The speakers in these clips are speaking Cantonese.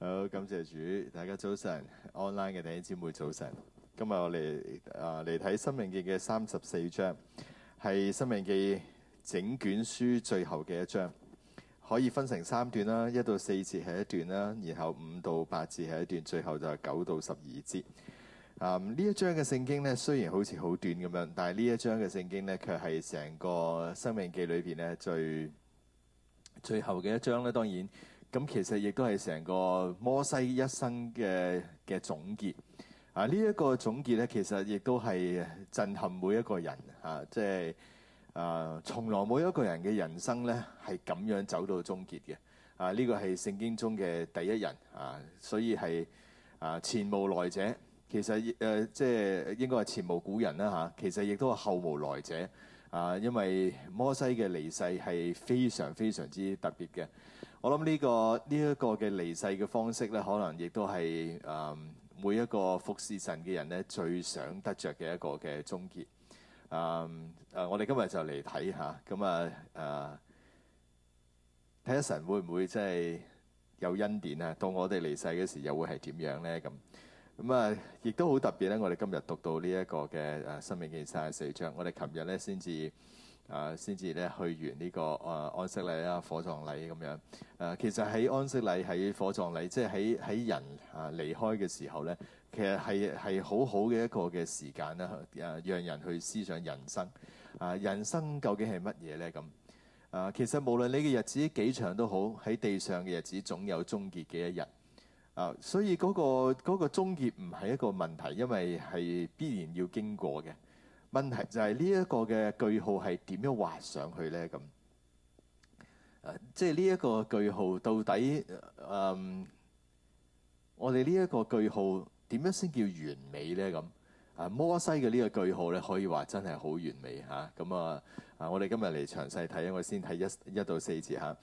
好，Hello, 感謝主，大家早晨，online 嘅弟兄姊妹早晨。今日我嚟啊嚟睇呃、《申命記》嘅三十四章，係《申命記》整卷書最後嘅一章，可以分成三段啦，一到四節係一段啦，然後五到八節係一段，最後就係九到十二節。啊、嗯，呢一章嘅聖經咧，雖然好似好短咁樣，但係呢一章嘅聖經咧，卻係成個《申命記裡面呢》裏邊咧最最後嘅一章啦，當然。咁其實亦都係成個摩西一生嘅嘅總結啊！呢一個總結咧，其實亦都係震撼每一個人嚇、啊，即係啊，從來冇一個人嘅人生咧係咁樣走到終結嘅啊！呢個係聖經中嘅第一人啊，所以係啊前無來者，其實誒即係應該係前無古人啦嚇，其實亦都係後無來者啊，因為摩西嘅離世係非常非常之特別嘅。我諗呢、這個呢一、這個嘅離世嘅方式咧，可能亦都係誒、嗯、每一個服侍神嘅人咧，最想得着嘅一個嘅終結。誒、嗯、誒，我哋今日就嚟睇下，咁啊誒睇下神會唔會真係有恩典啊？到我哋離世嗰時又會係點樣咧？咁咁啊，亦都好特別咧。我哋今日讀到呢一個嘅誒申命記三十四章，我哋琴日咧先至。啊，先至咧去完呢個啊安息禮啊、火葬禮咁樣。誒、啊，其實喺安息禮、喺火葬禮，即係喺喺人啊離開嘅時候咧，其實係係好好嘅一個嘅時間啦，啊，讓人去思想人生。啊，人生究竟係乜嘢咧？咁啊，其實無論你嘅日子幾長都好，喺地上嘅日子總有終結嘅一日。啊，所以嗰個嗰個終結唔係一個問題，因為係必然要經過嘅。問題就係呢一個嘅句號係點樣畫上去呢？咁、啊，即係呢一個句號到底、嗯、我哋呢一個句號點樣先叫完美呢？咁、啊，誒，摩西嘅呢個句號咧，可以話真係好完美嚇。咁啊，啊，我哋今日嚟詳細睇，我先睇一一到四字嚇。啊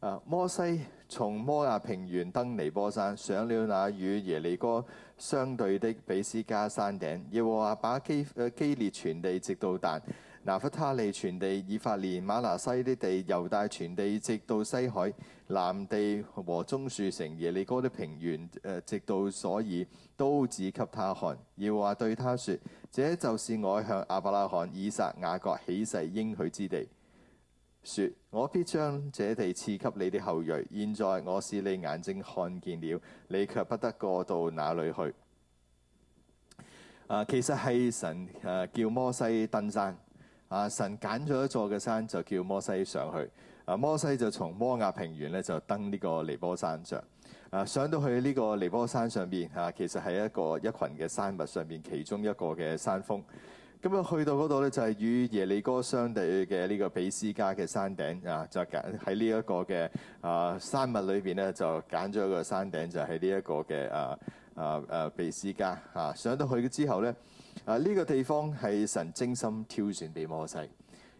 啊！摩西從摩亞平原登尼波山，上了那與耶利哥相對的比斯迦山頂。耶和華把基誒基列全地直到但、拿弗他利全地以法蓮、馬拿西的地、猶大全地直到西海、南地和棕樹城、耶利哥的平原誒、呃，直到所爾，都指給他看。耶和華對他説：這就是我向亞伯拉罕、以撒、雅各起誓應許之地。說我必將這地賜給你的後裔。現在我使你眼睛看見了，你卻不得過到那裡去。啊，其實係神誒、啊、叫摩西登山。啊，神揀咗一座嘅山就叫摩西上去。啊，摩西就從摩亞平原咧就登呢個尼波山上。啊，上到去呢個尼波山上面，吓、啊，其實係一個一群嘅山脈上面，其中一個嘅山峰。咁啊，去到嗰度咧，就係與耶利哥相對嘅呢個比斯迦嘅山頂啊。就揀喺呢一個嘅啊山脈裏邊咧，就揀咗一個山頂，就係呢一個嘅啊啊啊比斯迦啊。上到去之後咧，啊呢、這個地方係神精心挑選俾摩西。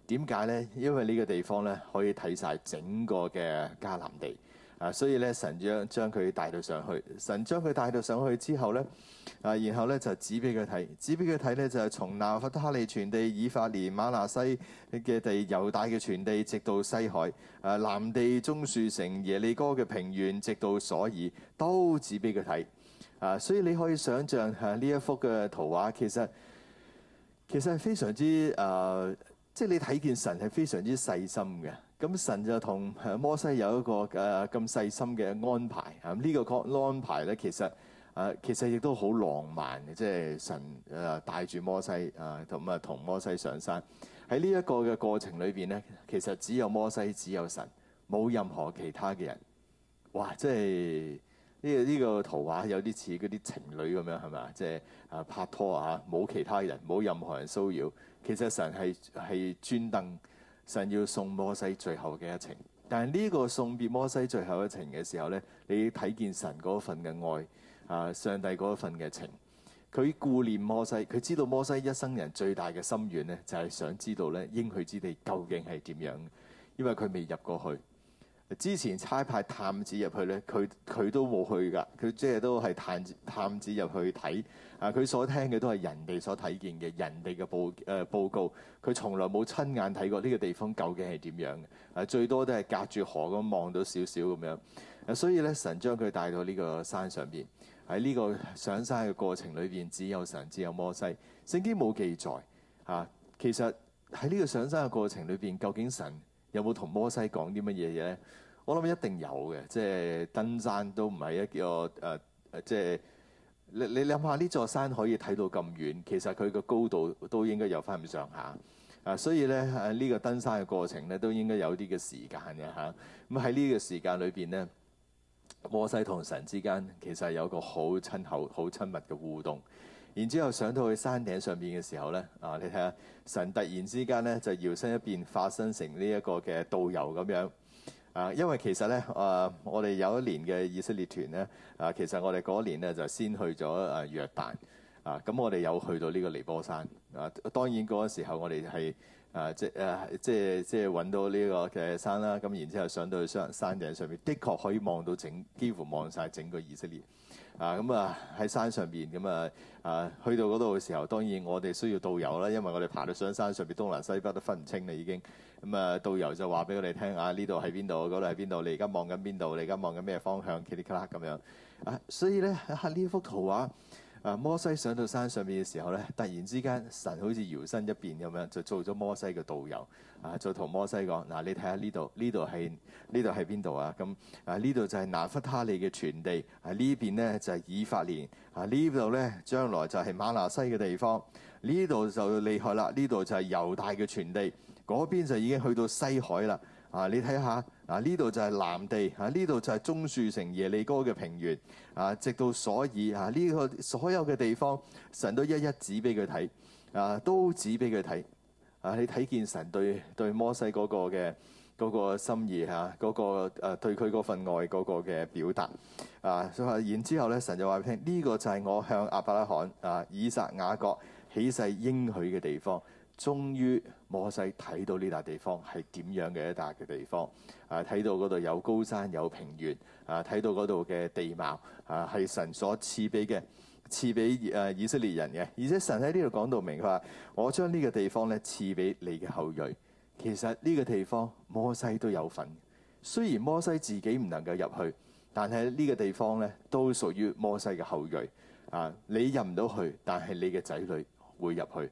點解咧？因為呢個地方咧可以睇晒整個嘅迦南地。啊，所以咧神將將佢帶到上去，神將佢帶到上去之後咧，啊，然後咧就指俾佢睇，指俾佢睇咧就係從拿弗他利全地，以法蓮、馬拿西嘅地、猶大嘅全地，直到西海，啊，南地棕樹城耶利哥嘅平原，直到瑣珥，都指俾佢睇。啊，所以你可以想象啊，呢一幅嘅圖畫其實其實係非常之啊，即、呃、係、就是、你睇見神係非常之細心嘅。咁、嗯、神就同摩西有一個誒咁、啊、細心嘅安排嚇，呢、嗯，這個安排咧其實誒、啊、其實亦都好浪漫嘅，即係神誒帶住摩西啊，咁啊同摩西上山喺呢一個嘅過程裏邊咧，其實只有摩西，只有神，冇任何其他嘅人。哇！即係呢呢個圖畫有啲似嗰啲情侶咁樣係咪啊？即係誒拍拖啊，冇其他人，冇任何人騷擾。其實神係係專登。神要送摩西最後嘅一程，但係呢個送別摩西最後一程嘅時候呢，你睇見神嗰份嘅愛啊，上帝嗰份嘅情，佢顧念摩西，佢知道摩西一生人最大嘅心願呢，就係、是、想知道咧應許之地究竟係點樣，因為佢未入過去。.之前差派探子入去咧，佢佢都冇去噶，佢即係都係探探子入去睇。啊，佢所聽嘅都係人哋所睇見嘅，人哋嘅報誒、呃、報告。佢從來冇親眼睇過呢個地方究竟係點樣嘅。啊，最多都係隔住河咁望到少少咁樣。啊，所以咧，神將佢帶到呢個山上邊，喺呢個上山嘅過程裏邊，只有神，只有摩西。聖經冇記載。啊，其實喺呢個上山嘅過程裏邊，究竟神？有冇同摩西講啲乜嘢嘢咧？我諗一定有嘅，即係登山都唔係一個誒、呃，即係你你諗下呢座山可以睇到咁遠，其實佢個高度都應該有翻咁上下啊，所以咧呢、啊這個登山嘅過程咧都應該有啲嘅時間嘅嚇。咁喺呢個時間裏邊咧，摩西同神之間其實有個好親口、好親密嘅互動。然之後上到去山頂上面嘅時候咧，啊，你睇下神突然之間咧就搖身一變化身成呢一個嘅導遊咁樣，啊，因為其實咧啊，我哋有一年嘅以色列團咧，啊，其實我哋嗰一年咧就先去咗啊約旦，啊，咁我哋有去到呢個尼波山，啊，當然嗰個時候我哋係啊即係啊即係即係搵到呢個嘅山啦，咁然之後上到去山山頂上面，的確可以望到整幾乎望晒整，整個以色列。啊，咁啊喺山上邊，咁啊啊去到嗰度嘅時候，當然我哋需要導遊啦，因為我哋爬到上山上邊，東南西北都分唔清啦已經。咁啊，導遊就話俾我哋聽啊，呢度喺邊度，嗰度喺邊度，你而家望緊邊度，你而家望緊咩方向 click click 咁樣。啊，所以咧喺呢、啊、幅圖畫。啊！摩西上到山上面嘅時候咧，突然之間，神好似搖身一變咁樣，就做咗摩西嘅導遊啊！就同摩西講：嗱、啊，你睇下呢度，呢度係呢度係邊度啊？咁啊，呢度就係拿弗他利嘅全地啊！邊呢邊呢就係、是、以法蓮啊！呢度呢將來就係馬拿西嘅地方。呢度就厲害啦！呢度就係猶大嘅全地，嗰、啊、邊就已經去到西海啦！啊，你睇下。啊！呢度就係南地，啊！呢度就係棕樹城耶利哥嘅平原，啊！直到所以，啊！呢、這個所有嘅地方，神都一一指俾佢睇，啊！都指俾佢睇，啊！你睇見神對對摩西嗰個嘅嗰、那個、心意嚇，嗰、啊那個誒、啊、對佢嗰份愛嗰個嘅表達，啊！所以然之後咧，神就話俾你聽，呢、這個就係我向亞伯拉罕、啊以撒、雅各起誓應許嘅地方，終於。摩西睇到呢笪地方係點樣嘅一笪嘅地方啊！睇到嗰度有高山有平原啊！睇到嗰度嘅地貌啊，係神所賜俾嘅，賜俾誒以色列人嘅。而且神喺呢度講到明，佢話：我將呢個地方咧賜俾你嘅後裔。其實呢個地方摩西都有份，雖然摩西自己唔能夠入去，但係呢個地方咧都屬於摩西嘅後裔啊！你入唔到去，但係你嘅仔女會入去。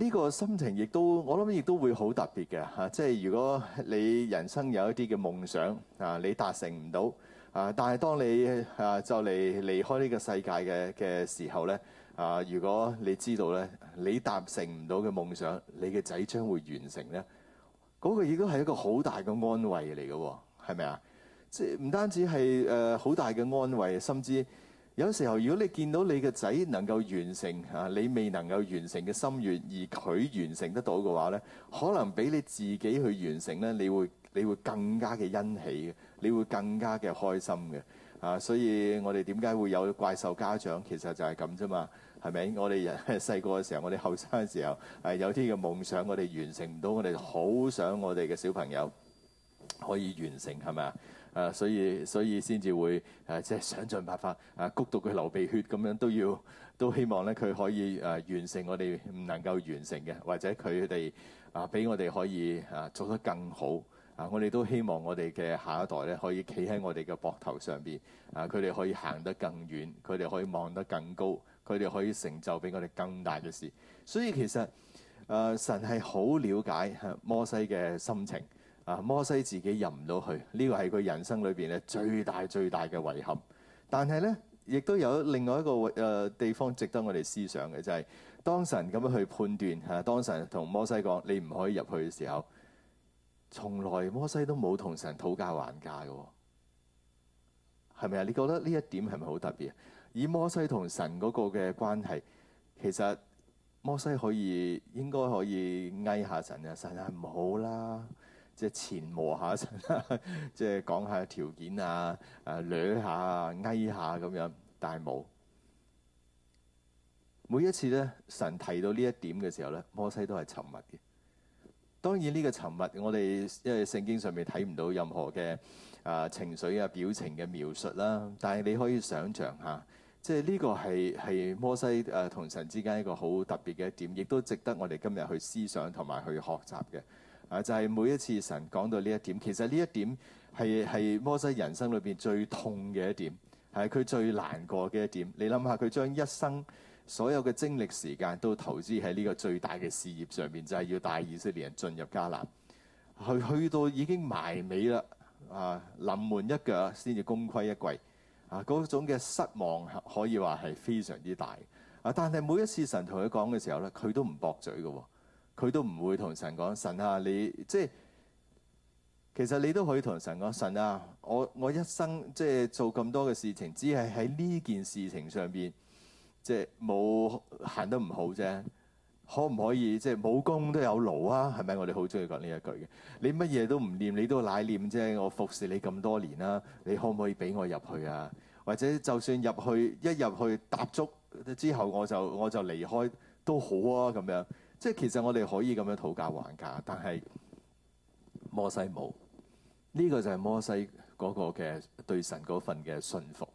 呢個心情亦都，我諗亦都會好特別嘅嚇。即係如果你人生有一啲嘅夢想啊，你達成唔到啊，但係當你啊就嚟離開呢個世界嘅嘅時候咧啊，如果你知道咧，你達成唔到嘅夢想，你嘅仔將會完成咧，嗰、嗰個亦都係一個好大嘅安慰嚟嘅喎，係咪啊？即係唔單止係誒好大嘅安慰，甚至。有時候，如果你見到你嘅仔能夠完成啊，你未能夠完成嘅心願，而佢完成得到嘅話咧，可能比你自己去完成咧，你會你會更加嘅欣喜，你會更加嘅開心嘅啊！所以我哋點解會有怪獸家長？其實就係咁啫嘛，係咪？我哋人細個嘅時候，我哋後生嘅時候，係、啊、有啲嘅夢想我，我哋完成唔到，我哋好想我哋嘅小朋友可以完成，係咪啊？誒、啊，所以所以先至會誒、啊，即係想盡辦法，誒、啊，谷到佢流鼻血咁樣，都要都希望咧，佢可以誒、啊、完成我哋唔能夠完成嘅，或者佢哋啊，俾我哋可以啊做得更好啊！我哋都希望我哋嘅下一代咧，可以企喺我哋嘅膊頭上邊啊，佢哋可以行得更遠，佢哋可以望得更高，佢哋可以成就比我哋更大嘅事。所以其實誒、啊，神係好了解、啊、摩西嘅心情。啊！摩西自己入唔到去，呢個係佢人生裏邊咧，最大最大嘅遺憾。但係咧，亦都有另外一個位、呃、地方值得我哋思想嘅，就係、是、當神咁樣去判斷嚇、啊，當神同摩西講你唔可以入去嘅時候，從來摩西都冇同神討價還價嘅、哦，係咪啊？你覺得呢一點係咪好特別？以摩西同神嗰個嘅關係，其實摩西可以應該可以嗌下神啊，神啊、唔好啦。即係前磨一下神， 即係講下條件啊，誒捋下、壓下咁樣，但係冇。每一次咧，神提到呢一點嘅時候咧，摩西都係沉默嘅。當然呢個沉默，我哋因為聖經上面睇唔到任何嘅誒、啊、情緒啊、表情嘅描述啦。但係你可以想像下，即係呢個係係摩西誒、啊、同神之間一個好特別嘅一點，亦都值得我哋今日去思想同埋去學習嘅。啊！就係每一次神講到呢一點，其實呢一點係係摩西人生裏邊最痛嘅一點，係佢最難過嘅一點。你諗下，佢將一生所有嘅精力時間都投資喺呢個最大嘅事業上面，就係要帶以色列人進入迦南。去去到已經埋尾啦，啊！臨門一腳先至功虧一簣，啊！嗰種嘅失望可以話係非常之大。啊！但係每一次神同佢講嘅時候咧，佢都唔駁嘴嘅喎。佢都唔會同神講，神啊，你即係其實你都可以同神講，神啊，我我一生即係做咁多嘅事情，只係喺呢件事情上邊即係冇行得唔好啫。可唔可以即係冇功都有勞啊？係咪？我哋好中意講呢一句嘅。你乜嘢都唔念，你都懶念啫。我服侍你咁多年啦，啊，你可唔可以俾我入去啊？或者就算入去一入去踏足之後，我就我就離開都好啊，咁樣。即係其實我哋可以咁樣討價還價，但係摩西冇呢個，就係摩西嗰個嘅對神嗰份嘅信服。有有信服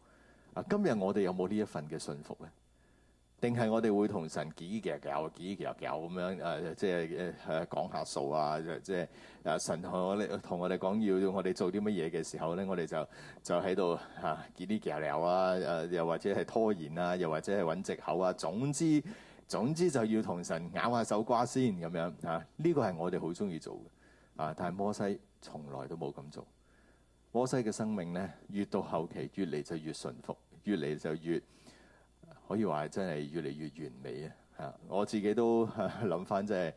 啊，今日我哋有冇呢一份嘅信服咧？定係我哋會同神幾幾有幾幾有咁樣誒？即係誒講下數啊！即係誒神同我哋同我哋講要我哋做啲乜嘢嘅時候咧，我哋就就喺度嚇幾幾有啊！誒又或者係拖延啊，又或者係揾藉口啊，總之。總之就要同神咬下手瓜先咁樣嚇，呢個係我哋好中意做嘅啊！但係摩西從來都冇咁做。摩西嘅生命咧，越到後期越嚟就越順服，越嚟就越可以話係真係越嚟越完美啊！嚇，我自己都諗翻即係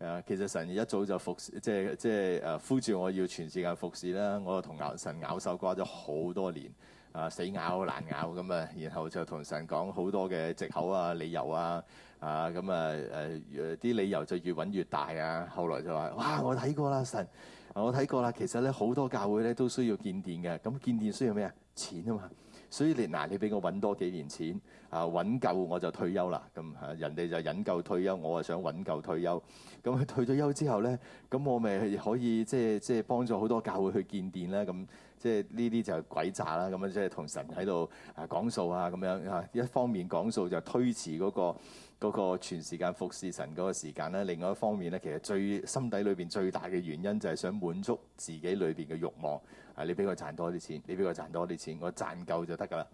誒，其實神一早就服，即係即係誒呼召我要全時間服侍啦。我就同咬神咬手瓜咗好多年啊，死咬難咬咁啊，然後就同神講好多嘅藉口啊、理由啊。啊，咁、嗯、啊，誒啲理由就越揾越大啊！後來就話：哇，我睇過啦，神，我睇過啦。其實咧，好多教會咧都需要建殿嘅。咁、啊、建殿需要咩啊？錢啊嘛。所以你嗱、啊，你俾我揾多幾年錢。啊，搵夠我就退休啦，咁嚇人哋就引夠退休，我啊想搵夠退休。咁、啊、佢退咗休之後咧，咁我咪可以即係即係幫助好多教會去建殿啦。咁即係呢啲就係鬼詐啦。咁樣即係同神喺度講數啊，咁、啊啊、樣嚇一方面講數就推遲嗰、那個嗰、那個全時間服侍神嗰個時間咧。另外一方面咧，其實最心底裏邊最大嘅原因就係想滿足自己裏邊嘅慾望。啊，你俾佢賺多啲錢，你俾佢賺多啲錢，我賺夠就得㗎啦。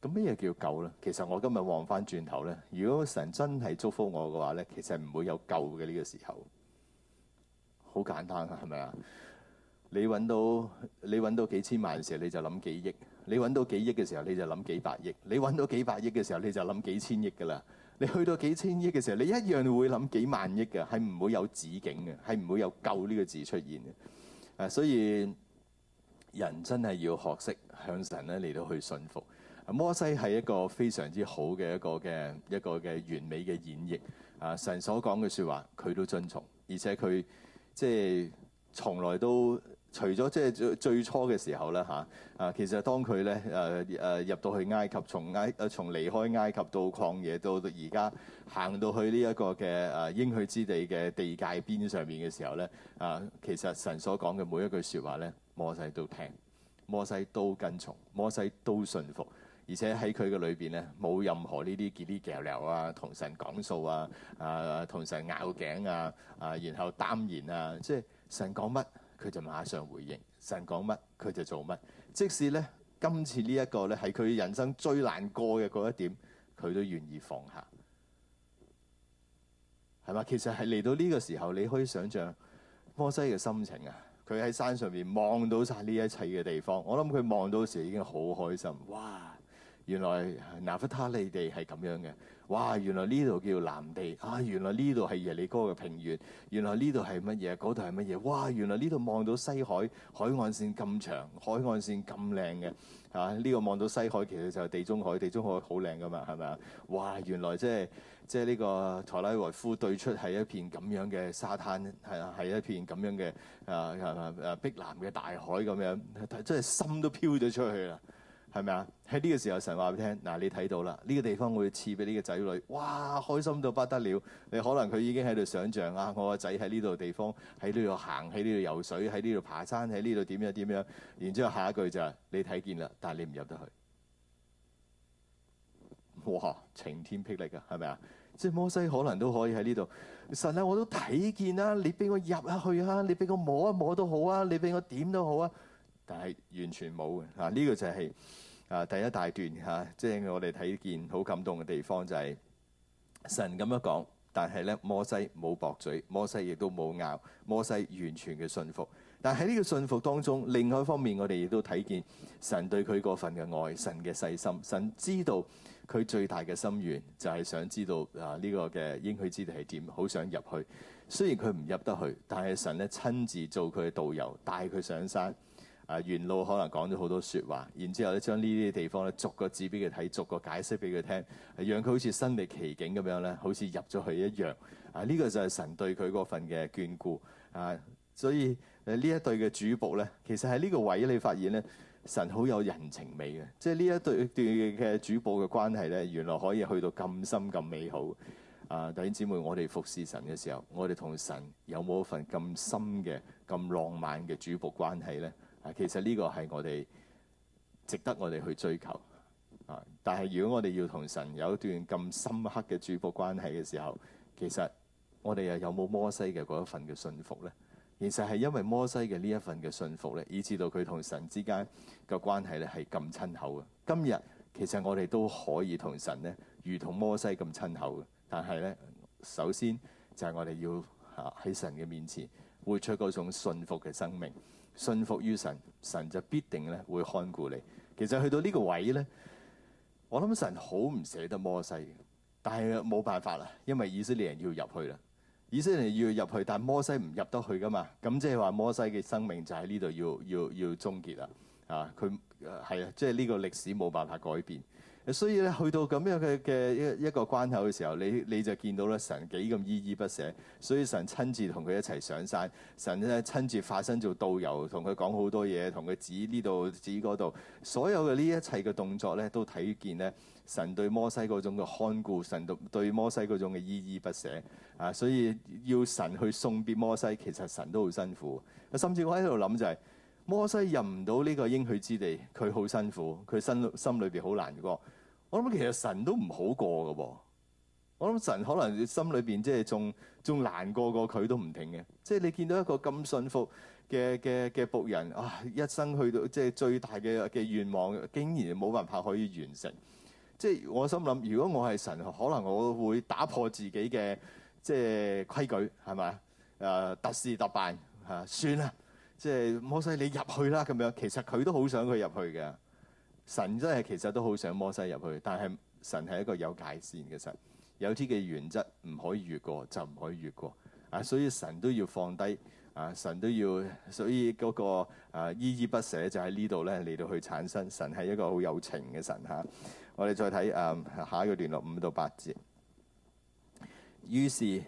咁咩嘢叫夠咧？其實我今日望翻轉頭咧，如果神真係祝福我嘅話咧，其實唔會有夠嘅呢個時候。好簡單啊，係咪啊？你揾到你揾到幾千萬嘅時候，你就諗幾億；你揾到幾億嘅時候，你就諗幾百億；你揾到幾百億嘅時候，你就諗幾千億㗎啦。你去到幾千億嘅時候，你一樣會諗幾萬億嘅，係唔會有止境嘅，係唔會有夠呢個字出現嘅。誒，所以人真係要學識向神咧嚟到去信服。摩西係一個非常之好嘅一個嘅一個嘅完美嘅演繹啊！神所講嘅説話，佢都遵從，而且佢即係從來都除咗即係最初嘅時候啦嚇啊。其實當佢咧誒誒入到去埃及，從埃誒從離開埃及到曠野到，到而家行到去呢一個嘅誒應許之地嘅地界邊上面嘅時候咧啊，其實神所講嘅每一句説話咧，摩西都聽，摩西都跟從，摩西都信服，而且喺佢嘅裏邊咧，冇任何呢啲結結嚼嚼啊，同神講數啊，啊，同神拗頸啊，啊，然後擔言啊，即係神講乜佢就馬上回應，神講乜佢就做乜。即使咧今次呢一個咧係佢人生最難過嘅嗰一點，佢都願意放下，係嘛？其實係嚟到呢個時候，你可以想象摩西嘅心情啊。佢喺山上面望到晒呢一切嘅地方，我諗佢望到時候已經好開心，哇！原來拿弗他利地係咁樣嘅，哇！原來呢度叫南地，啊！原來呢度係耶利哥嘅平原，原來呢度係乜嘢？嗰度係乜嘢？哇！原來呢度望到西海海岸線咁長，海岸線咁靚嘅，嚇、啊！呢、這個望到西海其實就係地中海，地中海好靚㗎嘛，係咪啊？哇！原來即係即係呢個特拉維夫對出係一片咁樣嘅沙灘，係啊，係一片咁樣嘅啊啊碧藍嘅大海咁樣，真係心都飄咗出去啦～係咪啊？喺呢個時候，神話俾你聽嗱，你睇到啦，呢、這個地方會賜俾呢個仔女，哇，開心到不得了。你可能佢已經喺度想象啊，我個仔喺呢度地方，喺呢度行，喺呢度游水，喺呢度爬山，喺呢度點樣點樣。然之後下一句就係、是、你睇見啦，但係你唔入得去。哇，晴天霹靂啊，係咪啊？即係摩西可能都可以喺呢度，神啊，我都睇見啦，你俾我入下去啊，你俾我摸一摸都好啊，你俾我點都好啊。但係完全冇嘅嗱，呢、這個就係、是。啊，第一大段嚇、啊，即係我哋睇見好感動嘅地方就係神咁樣講，但係咧摩西冇駁嘴，摩西亦都冇拗，摩西完全嘅信服。但係喺呢個信服當中，另外一方面我哋亦都睇見神對佢嗰份嘅愛，神嘅細心，神知道佢最大嘅心願，就係、是、想知道啊呢、這個嘅應許之地係點，好想入去。雖然佢唔入得去，但係神咧親自做佢嘅導遊，帶佢上山。啊！沿路可能講咗好多説話，然之後咧，將呢啲地方咧逐個指俾佢睇，逐個解釋俾佢聽，係、啊、讓佢好似身歷其境咁樣咧，好似入咗去一樣。啊！呢、這個就係神對佢嗰份嘅眷顧啊！所以誒，呢、啊、一對嘅主僕咧，其實喺呢個位你發現咧，神好有人情味嘅、啊，即係呢一對對嘅主僕嘅關係咧，原來可以去到咁深咁美好啊！弟兄姊妹，我哋服侍神嘅時候，我哋同神有冇一份咁深嘅、咁浪漫嘅主僕關係咧？其實呢個係我哋值得我哋去追求啊！但係如果我哋要同神有一段咁深刻嘅主僕關係嘅時候，其實我哋又有冇摩西嘅嗰一份嘅信服呢？其實係因為摩西嘅呢一份嘅信服呢，以至到佢同神之間嘅關係呢係咁親厚嘅。今日其實我哋都可以同神呢，如同摩西咁親厚嘅。但係呢，首先就係我哋要喺神嘅面前活出嗰種信服嘅生命。信服於神，神就必定咧會看顧你。其實去到呢個位咧，我諗神好唔捨得摩西，但係冇辦法啦，因為以色列人要入去啦。以色列人要入去，但摩西唔入得去㗎嘛。咁即係話摩西嘅生命就喺呢度要要要終結啦。啊，佢係啊，即係呢個歷史冇辦法改變。所以咧，去到咁樣嘅嘅一一個關口嘅時候，你你就見到咧，神幾咁依依不捨。所以神親自同佢一齊上山，神咧親自化身做導遊，同佢講好多嘢，同佢指呢度指嗰度。所有嘅呢一切嘅動作咧，都睇見咧，神對摩西嗰種嘅看顧，神對摩西嗰種嘅依依不捨。啊。所以要神去送別摩西，其實神都好辛苦，啊。甚至我喺度諗就係、是，摩西入唔到呢個應許之地，佢好辛苦，佢心心裏邊好難過。我諗其實神都唔好過噶噃、哦，我諗神可能心裏邊即係仲仲難過過佢都唔停嘅，即係你見到一個咁信服嘅嘅嘅僕人啊，一生去到即係最大嘅嘅願望竟然冇辦法可以完成，即係我心諗，如果我係神，可能我會打破自己嘅即係規矩係咪？誒、啊、特事特辦吓、啊，算啦，即係冇使你入去啦咁樣，其實佢都好想佢入去嘅。神真係其實都好想摩西入去，但係神係一個有界線嘅神，有啲嘅原則唔可以越過就唔可以越過啊！所以神都要放低啊，神都要所以嗰個啊依依不捨就喺呢度咧嚟到去產生。神係一個好有情嘅神嚇、啊。我哋再睇誒、啊、下一個段落五到八節。於是。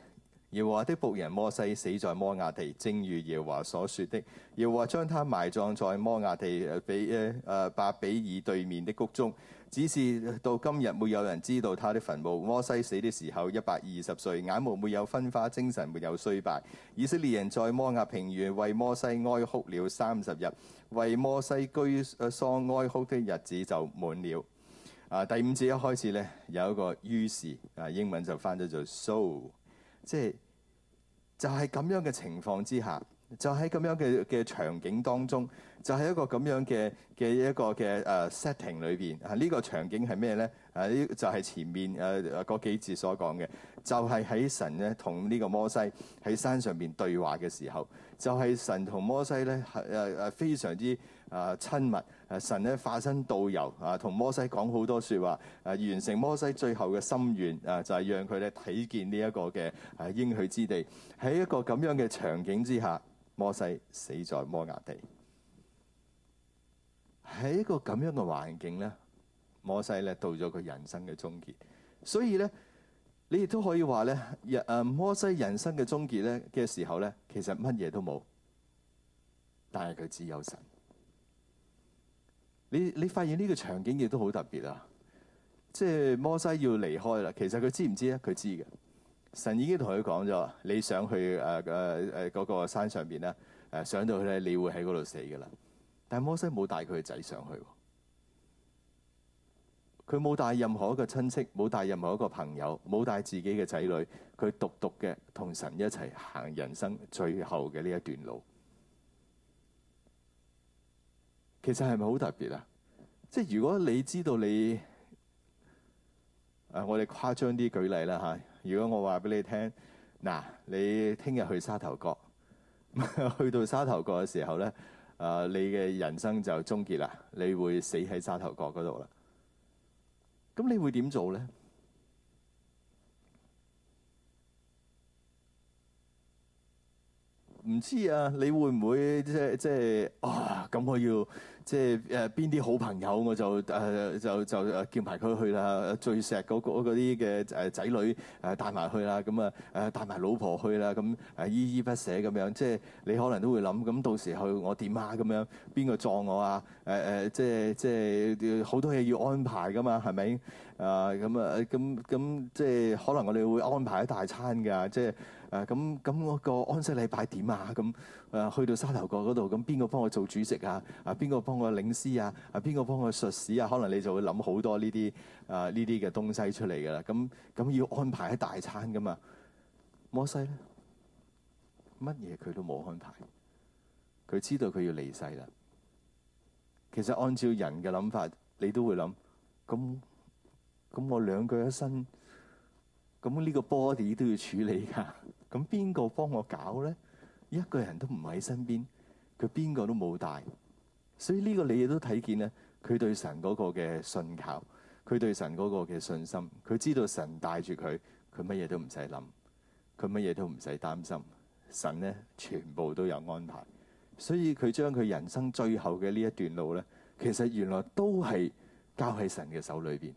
耶和華的僕人摩西死在摩亞地，正如耶和華所說的。耶和華將他埋葬在摩亞地，誒比誒誒、呃、伯比爾對面的谷中。只是到今日沒有人知道他的墳墓。摩西死的時候一百二十歲，眼目沒有昏花，精神沒有衰敗。以色列人在摩亞平原為摩西哀哭了三十日，為摩西居喪哀哭的日子就滿了。啊，第五節一開始呢，有一個於是啊，英文就翻咗做 so。即係就係咁樣嘅情況之下，就喺、是、咁樣嘅嘅場景當中，就係、是、一個咁樣嘅嘅一個嘅誒 setting 裏邊、這個。啊，呢個場景係咩咧？誒呢就係、是、前面誒誒、啊、幾節所講嘅，就係、是、喺神咧同呢個摩西喺山上邊對話嘅時候，就係、是、神同摩西咧係誒誒非常之誒親、啊、密。誒神咧化身導遊啊，同摩西講好多説話，誒完成摩西最後嘅心願，啊，就係、是、讓佢咧睇見呢一個嘅應許之地。喺一個咁樣嘅場景之下，摩西死在摩亞地。喺一個咁樣嘅環境咧，摩西咧到咗佢人生嘅終結。所以咧，你亦都可以話咧，人誒摩西人生嘅終結咧嘅時候咧，其實乜嘢都冇，但係佢只有神。你你發現呢個場景亦都好特別啊！即係摩西要離開啦，其實佢知唔知咧？佢知嘅，神已經同佢講咗：你想去誒誒誒嗰個山上邊咧，誒、啊、上到去咧，你會喺嗰度死嘅啦。但係摩西冇帶佢嘅仔上去，佢冇帶任何一個親戚，冇帶任何一個朋友，冇帶自己嘅仔女，佢獨獨嘅同神一齊行人生最後嘅呢一段路。其實係咪好特別啊？即係如果你知道你，誒、啊，我哋誇張啲舉例啦嚇、啊。如果我話俾你聽，嗱、啊，你聽日去沙頭角， 去到沙頭角嘅時候咧，誒、啊，你嘅人生就終結啦，你會死喺沙頭角嗰度啦。咁你會點做咧？唔知啊，你會唔會即即啊？咁、哦、我要即誒邊啲好朋友我就誒、呃、就就，就叫埋佢去啦。最錫嗰啲嘅誒仔女誒帶埋去啦。咁啊誒帶埋老婆去啦。咁依依不捨咁樣，即你可能都會諗咁到時候我點啊？咁樣邊個葬我啊？誒、呃、誒即即好多嘢要安排㗎嘛，係咪啊？咁啊咁咁即可能我哋會安排一大餐㗎，即。誒咁咁嗰個安息禮拜點啊？咁、啊、誒去到沙頭角嗰度，咁邊個幫我做主席啊？啊邊個幫我領詩啊？啊邊個幫我術士啊？可能你就會諗好多呢啲誒呢啲嘅東西出嚟㗎啦。咁咁要安排一大餐㗎嘛？摩西咧，乜嘢佢都冇安排。佢知道佢要離世啦。其實按照人嘅諗法，你都會諗：咁咁我兩腳一伸，咁呢個 body 都要處理㗎。咁邊個幫我搞咧？一個人都唔喺身邊，佢邊個都冇帶，所以呢個你亦都睇見咧。佢對神嗰個嘅信靠，佢對神嗰個嘅信心，佢知道神帶住佢，佢乜嘢都唔使諗，佢乜嘢都唔使擔心。神咧，全部都有安排，所以佢將佢人生最後嘅呢一段路咧，其實原來都係交喺神嘅手裏邊，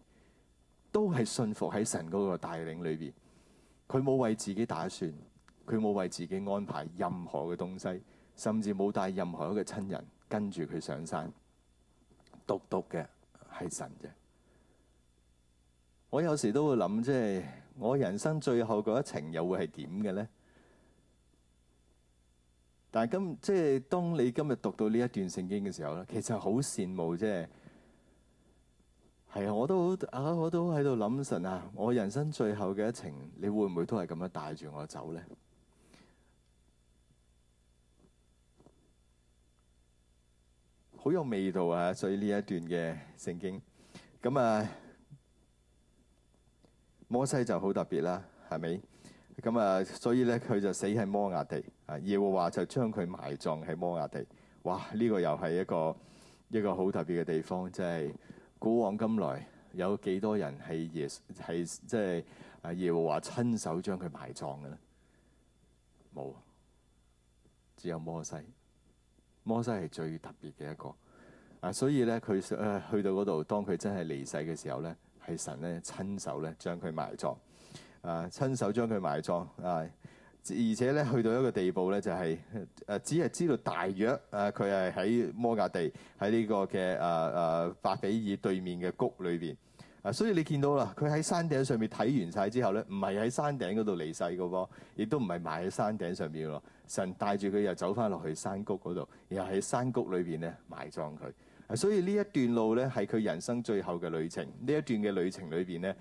都係信服喺神嗰個帶領裏邊。佢冇為自己打算，佢冇為自己安排任何嘅東西，甚至冇帶任何一個親人跟住佢上山，獨獨嘅係神啫。我有時都會諗，即係我人生最後嗰一程又會係點嘅咧？但係今即係當你今日讀到呢一段聖經嘅時候咧，其實好羨慕即係。係啊，我都啊，我都喺度諗神啊。我人生最後嘅一程，你會唔會都係咁樣帶住我走呢？好有味道啊！所以呢一段嘅聖經咁啊，摩西就好特別啦，係咪？咁啊，所以呢，佢就死喺摩亞地啊。耶和華就將佢埋葬喺摩亞地。哇！呢個又係一個一個好特別嘅地方，即係。古往今來有幾多人係耶，係即係耶和華親手將佢埋葬嘅呢？冇，只有摩西。摩西係最特別嘅一個啊，所以咧佢，誒去到嗰度，當佢真係離世嘅時候咧，係神咧親手咧將佢埋葬啊，親手將佢埋葬啊。而且咧，去到一個地步咧，就係誒，只係知道大約誒，佢係喺摩押地喺呢個嘅誒誒法比爾對面嘅谷裏邊。啊，所以你見到啦，佢喺山頂上面睇完晒之後咧，唔係喺山頂嗰度離世嘅噃，亦都唔係埋喺山頂上面咯。神帶住佢又走翻落去山谷嗰度，然後喺山谷裏邊咧埋葬佢。所以呢一段路咧係佢人生最後嘅旅程。呢一段嘅旅程裏邊咧，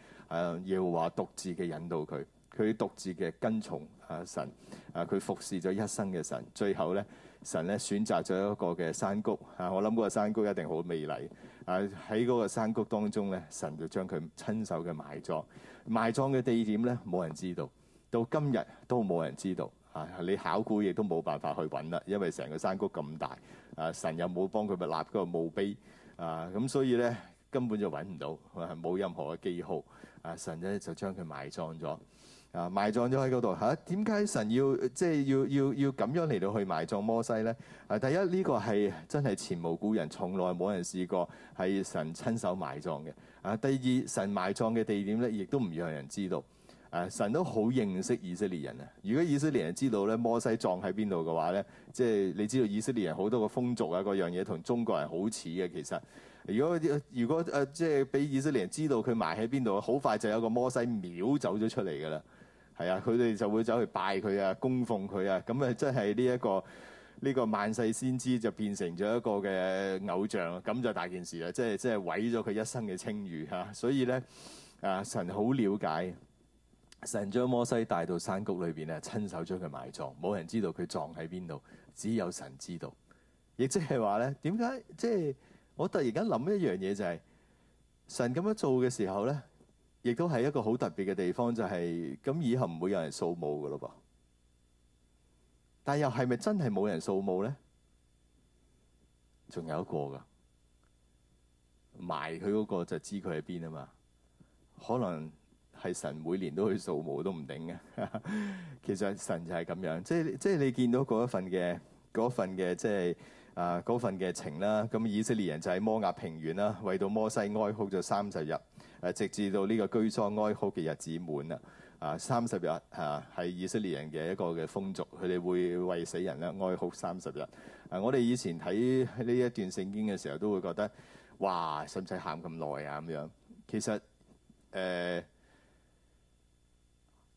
耶和華獨自嘅引導佢。佢獨自嘅跟從啊神啊，佢服侍咗一生嘅神。最後咧，神咧選擇咗一個嘅山谷啊。我諗嗰個山谷一定好美麗啊。喺嗰個山谷當中咧，神就將佢親手嘅埋葬。埋葬嘅地點咧，冇人知道，到今日都冇人知道啊。你考古亦都冇辦法去揾啦，因為成個山谷咁大啊。神又冇幫佢立嗰個墓碑啊，咁所以咧根本就揾唔到，冇，啊，任何嘅記號啊。神咧就將佢埋葬咗。啊，埋葬咗喺嗰度吓？啊、點解神要即係要要要咁樣嚟到去埋葬摩西咧？啊，第一呢、這個係真係前無古人，從來冇人試過係神親手埋葬嘅。啊，第二神埋葬嘅地點咧，亦都唔讓人知道。誒、啊，神都好認識以色列人啊！如果以色列人知道咧摩西葬喺邊度嘅話咧，即係你知道以色列人好多個風俗啊，嗰樣嘢同中國人好似嘅其實。如果如果誒、呃、即係俾以色列人知道佢埋喺邊度，好快就有個摩西廟走咗出嚟㗎啦。係啊，佢哋就會走去拜佢啊，供奉佢啊，咁啊即係呢一個呢個萬世先知就變成咗一個嘅偶像啦，咁就大件事啦，即係即係毀咗佢一生嘅清譽嚇。所以咧，啊神好了解，神將摩西帶到山谷裏邊咧，親手將佢埋葬，冇人知道佢葬喺邊度，只有神知道。亦即係話咧，點解即係我突然間諗一樣嘢就係神咁樣做嘅時候咧？亦都係一個好特別嘅地方，就係咁以後唔會有人掃墓嘅咯噃。但又係咪真係冇人掃墓咧？仲有一個噶，埋佢嗰個就知佢喺邊啊嘛。可能係神每年都去掃墓都唔定嘅。 其實神就係咁樣，即係即係你見到嗰一份嘅嗰份嘅即係啊嗰份嘅情啦。咁以色列人就喺摩亞平原啦，為到摩西哀哭咗三十日。誒，直至到呢個居喪哀哭嘅日子滿啦，啊，三十日啊，係以色列人嘅一個嘅風俗，佢哋會為死人咧哀哭三十日。誒、啊，我哋以前睇呢一段聖經嘅時候，都會覺得，哇，使唔使喊咁耐啊咁樣？其實，誒、呃，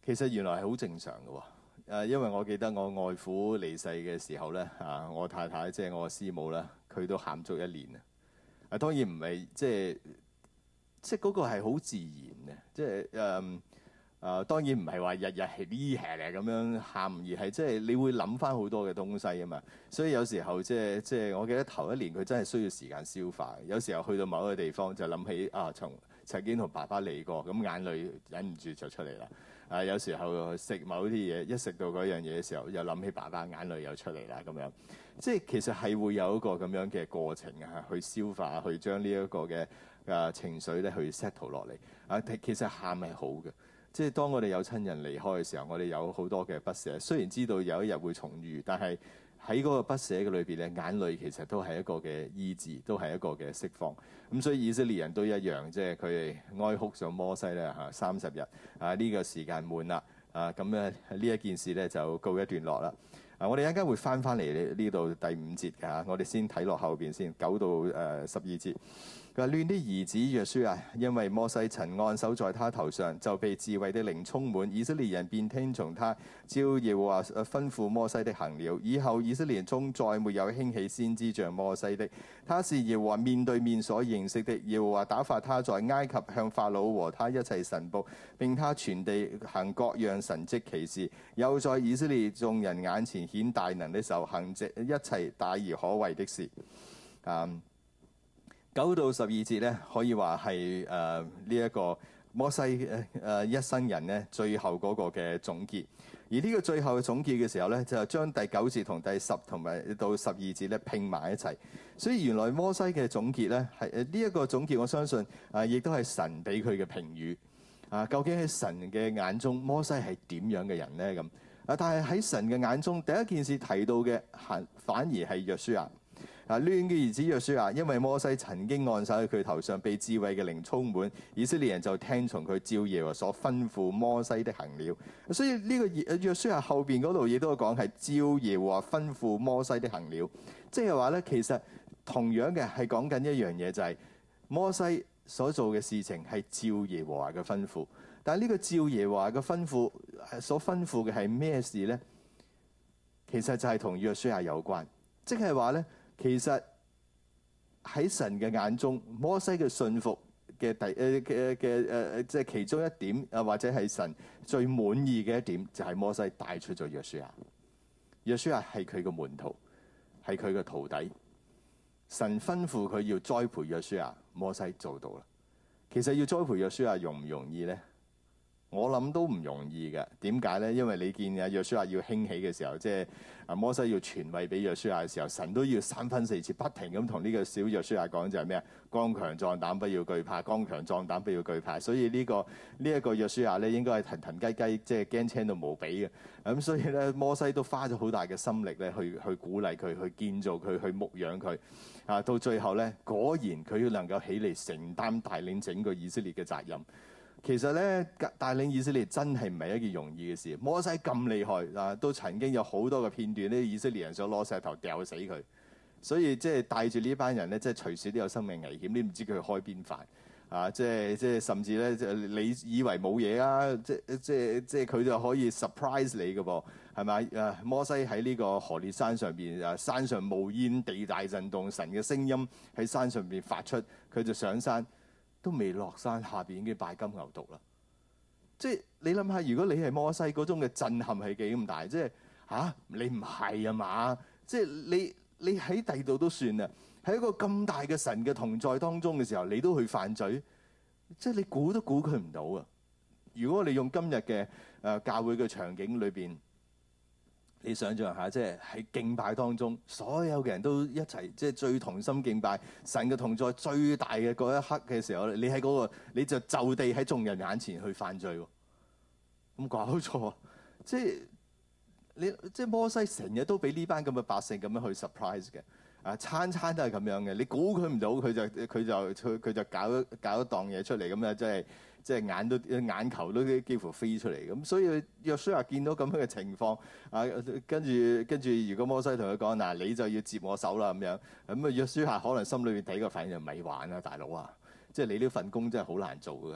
其實原來係好正常嘅喎、哦啊。因為我記得我外父離世嘅時候咧，啊，我太太即係我師母啦，佢都喊足一年啊。誒，當然唔係即係。即係嗰個係好自然嘅，即係誒誒，當然唔係話日日係呢係咁樣喊，而係即係你會諗翻好多嘅東西啊嘛。所以有時候即係即係，我記得頭一年佢真係需要時間消化。有時候去到某一個地方就諗起啊，從曾經同爸爸嚟過，咁眼淚忍唔住就出嚟啦。啊，有時候食某啲嘢，一食到嗰樣嘢嘅時候，又諗起爸爸，眼淚又出嚟啦。咁樣即係其實係會有一個咁樣嘅過程啊，去消化，去將呢一個嘅。嘅、啊、情緒咧去 settle 落嚟啊，其實喊係好嘅，即係當我哋有親人離開嘅時候，我哋有好多嘅不捨。雖然知道有一日會重遇，但係喺嗰個不捨嘅裏邊咧，眼淚其實都係一個嘅醫治，都係一個嘅釋放。咁、啊、所以以色列人都一樣，即係佢哋哀哭上摩西咧嚇三十日啊！呢、啊呢個時間滿啦啊，咁咧呢一件事咧就告一段落啦。啊，我哋一陣間會翻翻嚟呢度第五節嘅嚇、啊，我哋先睇落後邊先九到誒十二節。佢話：亂啲兒子約書亞，因為摩西曾按手在他頭上，就被智慧的靈充滿。以色列人便聽從他，照耶和華吩咐摩西的行了。以後以色列中再沒有興起先知像摩西的。他是耶和華面對面所認識的，耶和華打發他在埃及向法老和他一切神僕，並他傳地行各樣神蹟奇事，又在以色列眾人眼前顯大能的時候，行著一切大而可畏的事。嗯、um。九到十二節咧，可以話係誒呢一個摩西誒誒、呃、一生人咧最後嗰個嘅總結。而呢個最後嘅總結嘅時候咧，就將第九節同第十同埋到十二節咧拼埋一齊。所以原來摩西嘅總結咧係誒呢一個、呃這個總結，我相信誒亦都係神俾佢嘅評語。啊，究竟喺神嘅眼中，摩西係點樣嘅人咧？咁啊，但係喺神嘅眼中，第一件事提到嘅係反而係約書亞。啊！亂嘅兒子約書亞，因為摩西曾經按手喺佢頭上，被智慧嘅靈充滿。以色列人就聽從佢照耶和所吩咐摩西的行了。所以呢、呢個約約書亞後邊嗰度嘢都講係照耶和所吩咐摩西的行了。即係話咧，其實同樣嘅係講緊一樣嘢，就係、是、摩西所做嘅事情係照耶和華嘅吩咐。但係呢個照耶和華嘅吩咐所吩咐嘅係咩事咧？其實就係同約書亞有關，即係話咧。其實喺神嘅眼中，摩西嘅信服嘅第誒嘅嘅誒誒，即係其中一點啊，或者係神最滿意嘅一點，就係、是、摩西帶出咗約書亞、啊。約書亞係佢嘅門徒，係佢嘅徒弟。神吩咐佢要栽培約書亞、啊，摩西做到啦。其實要栽培約書亞容唔容易咧？我諗都唔容易嘅，點解咧？因為你見啊，約書亞要興起嘅時候，即係啊摩西要傳位俾約書亞嘅時候，神都要三番四次不停咁同呢個小約書亞講就係咩啊？剛強壯膽，不要懼怕；剛強壯膽，不要懼怕。所以呢、呢個呢一、呢個約書亞咧，應該係騰騰雞雞，即係驚青到無比嘅。咁、嗯、所以咧，摩西都花咗好大嘅心力咧，去去鼓勵佢，去建造佢，去牧養佢。啊，到最後咧，果然佢要能夠起嚟，承擔帶領整個以色列嘅責任。其實咧，帶領以色列真係唔係一件容易嘅事。摩西咁厲害啊，都曾經有好多嘅片段，呢以色列人想攞石頭掟死佢，所以即係帶住呢班人咧，即係隨時都有生命危險，你唔知佢去開邊飯啊！即係即係甚至咧，就你以為冇嘢啊，即即即係佢就可以 surprise 你㗎噃，係咪啊？摩西喺呢個何烈山上邊啊，山上冒煙，地大震動，神嘅聲音喺山上邊發出，佢就上山。都未落山下邊已經拜金牛犢啦！即係你諗下，如果你係摩西嗰種嘅震撼係幾咁大？即係嚇、啊、你唔係啊嘛！即係你你喺第度都算啊，喺一個咁大嘅神嘅同在當中嘅時候，你都去犯罪，即係你估都估佢唔到啊！如果你用今日嘅誒教會嘅場景裏邊。你想象下，即係喺敬拜當中，所有嘅人都一齊，即係最同心敬拜神嘅同在最大嘅嗰一刻嘅時候咧，你喺嗰個你就就地喺眾人眼前去犯罪喎，咁搞錯啊！即係你即係摩西成日都俾呢班咁嘅百姓咁樣去 surprise 嘅。啊！餐餐都係咁樣嘅，你估佢唔到，佢就佢就佢就搞搞一檔嘢出嚟咁樣，即係即係眼都眼球都幾乎飛出嚟咁、嗯。所以約書亞見到咁樣嘅情況啊，跟住跟住，如果摩西同佢講嗱，你就要接我手啦咁樣咁啊，約書亞可能心裏面第一個反應就咪、是、玩啊，大佬啊，即係你呢份工真係好難做㗎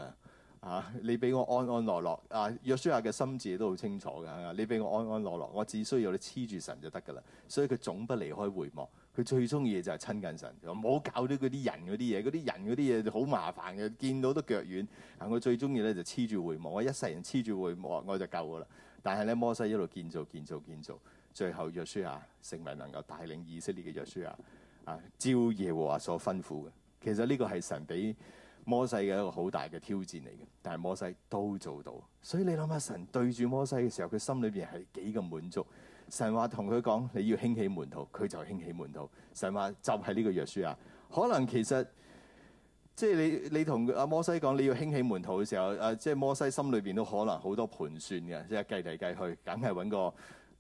啊！你俾我安安樂樂啊！約書亞嘅心智都好清楚㗎，你俾我安安樂樂，我只需要你黐住神就得㗎啦。所以佢總不離開會幕。佢最中意嘅就係親近神，冇教啲嗰啲人嗰啲嘢，嗰啲人嗰啲嘢就好麻煩嘅，見到都腳軟。但我最中意咧就黐住會幕，我一世人黐住會幕我就夠噶啦。但係咧摩西一路建造、建造、建造，最後約書亞成為能夠帶領以色列嘅約書亞，啊，照耶和華所吩咐嘅。其實呢個係神俾摩西嘅一個好大嘅挑戰嚟嘅，但係摩西都做到。所以你諗下，神對住摩西嘅時候，佢心裏邊係幾咁滿足。神話同佢講，你要興起門徒，佢就興起門徒。神話就係呢個約書亞。可能其實即係你你同阿摩西講你要興起門徒嘅時候，誒、啊、即係摩西心裏邊都可能好多盤算嘅，即係計嚟計去，梗係揾個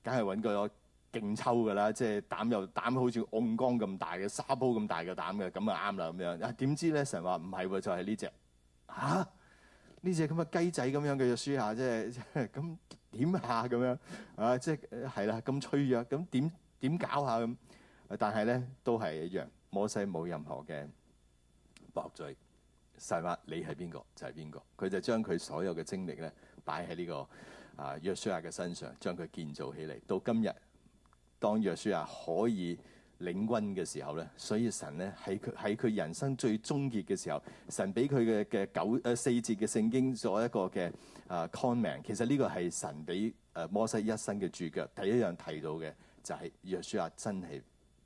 梗係揾個勁抽㗎啦，即係膽又膽好似鵪鶉咁大嘅沙煲咁大嘅膽嘅，咁啊啱啦咁樣。啊點知咧？神話唔係喎，就係呢隻吓呢隻咁嘅雞仔咁樣嘅約書亞，即係咁。即險下咁樣啊！即係啦，咁、啊、脆弱咁點點搞下咁？但係咧都係一樣，摩西冇任何嘅僞裝。實話，你係邊個就係邊個。佢就將佢所有嘅精力咧擺喺呢個啊約書亞嘅身上，將佢建造起嚟。到今日，當約書亞可以，領軍嘅時候咧，所以神咧喺佢喺佢人生最終結嘅時候，神俾佢嘅嘅九誒、呃、四節嘅聖經做一個嘅誒 comment。其實呢個係神俾誒摩西一生嘅注腳。第一樣提到嘅就係約書亞真係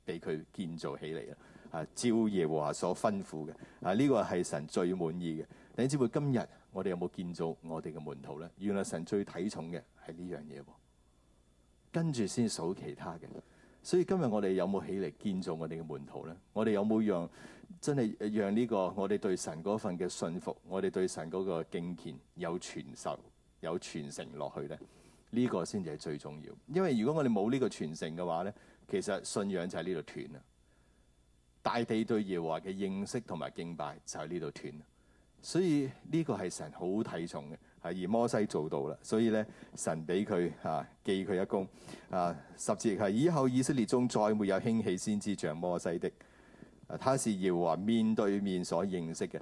俾佢建造起嚟啦，啊照耶和華所吩咐嘅。啊呢個係神最滿意嘅。弟兄姊妹，今日我哋有冇建造我哋嘅門徒咧？原來神最睇重嘅係呢樣嘢，跟住先數其他嘅。所以今日我哋有冇起嚟建造我哋嘅門徒咧？我哋有冇讓真係讓呢個我哋對神嗰份嘅信服，我哋對神嗰個敬虔有傳授、有傳承落去咧？呢個先至係最重要。因為如果我哋冇呢個傳承嘅話咧，其實信仰就喺呢度斷啦。大地對耶和華嘅認識同埋敬拜就喺呢度斷啦。所以呢個係神好睇重嘅。係而摩西做到啦，所以咧，神俾佢啊記佢一功啊十節，係以後以色列中再沒有興起先知像摩西的，他是耶和華面對面所認識嘅。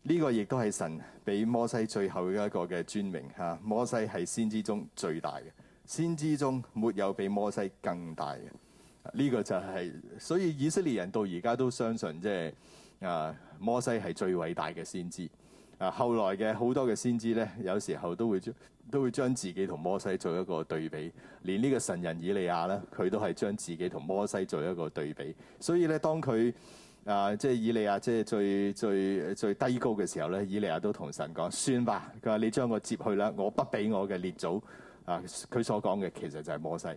呢、這個亦都係神俾摩西最後一個嘅尊名。嚇、啊。摩西係先知中最大嘅，先知中沒有比摩西更大嘅。呢、啊這個就係、是、所以以色列人到而家都相信即係啊摩西係最偉大嘅先知。啊，後來嘅好多嘅先知咧，有時候都會將都會將自己同摩西做一個對比，連呢個神人以利亞咧，佢都係將自己同摩西做一個對比。所以咧，當佢啊，即係以利亞即係最最最低高嘅時候咧，以利亞都同神講：算吧，佢話你將我接去啦，我不俾我嘅列祖啊。佢所講嘅其實就係摩西，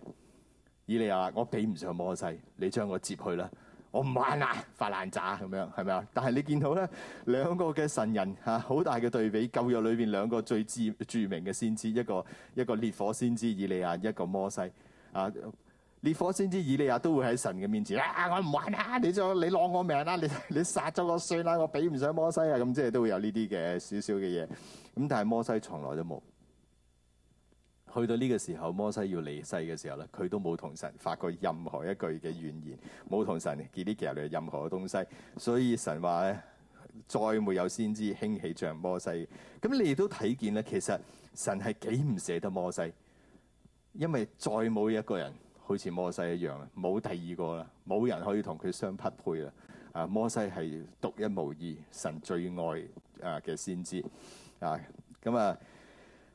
以利亞我比唔上摩西，你將我接去啦。我唔玩啊，發爛渣咁樣，係咪啊？但係你見到咧兩個嘅神人嚇，好大嘅對比。舊約裏邊兩個最著著名嘅先知，一個一個烈火先知以利亞，一個摩西。啊，烈火先知以利亞都會喺神嘅面前啊，我唔玩啊！你就你攞我命啦，你你殺咗我算啦，我比唔上摩西啊！咁即係都會有呢啲嘅少少嘅嘢。咁但係摩西從來都冇。去到呢個時候，摩西要離世嘅時候咧，佢都冇同神發過任何一句嘅怨言，言，冇同神結啲嘅任何嘅東西，所以神話咧再沒有先知興起像摩西。咁你亦都睇見咧，其實神係幾唔捨得摩西，因為再冇一個人好似摩西一樣冇第二個啦，冇人可以同佢相匹配啦。啊，摩西係獨一無二，神最愛啊嘅先知啊，咁啊。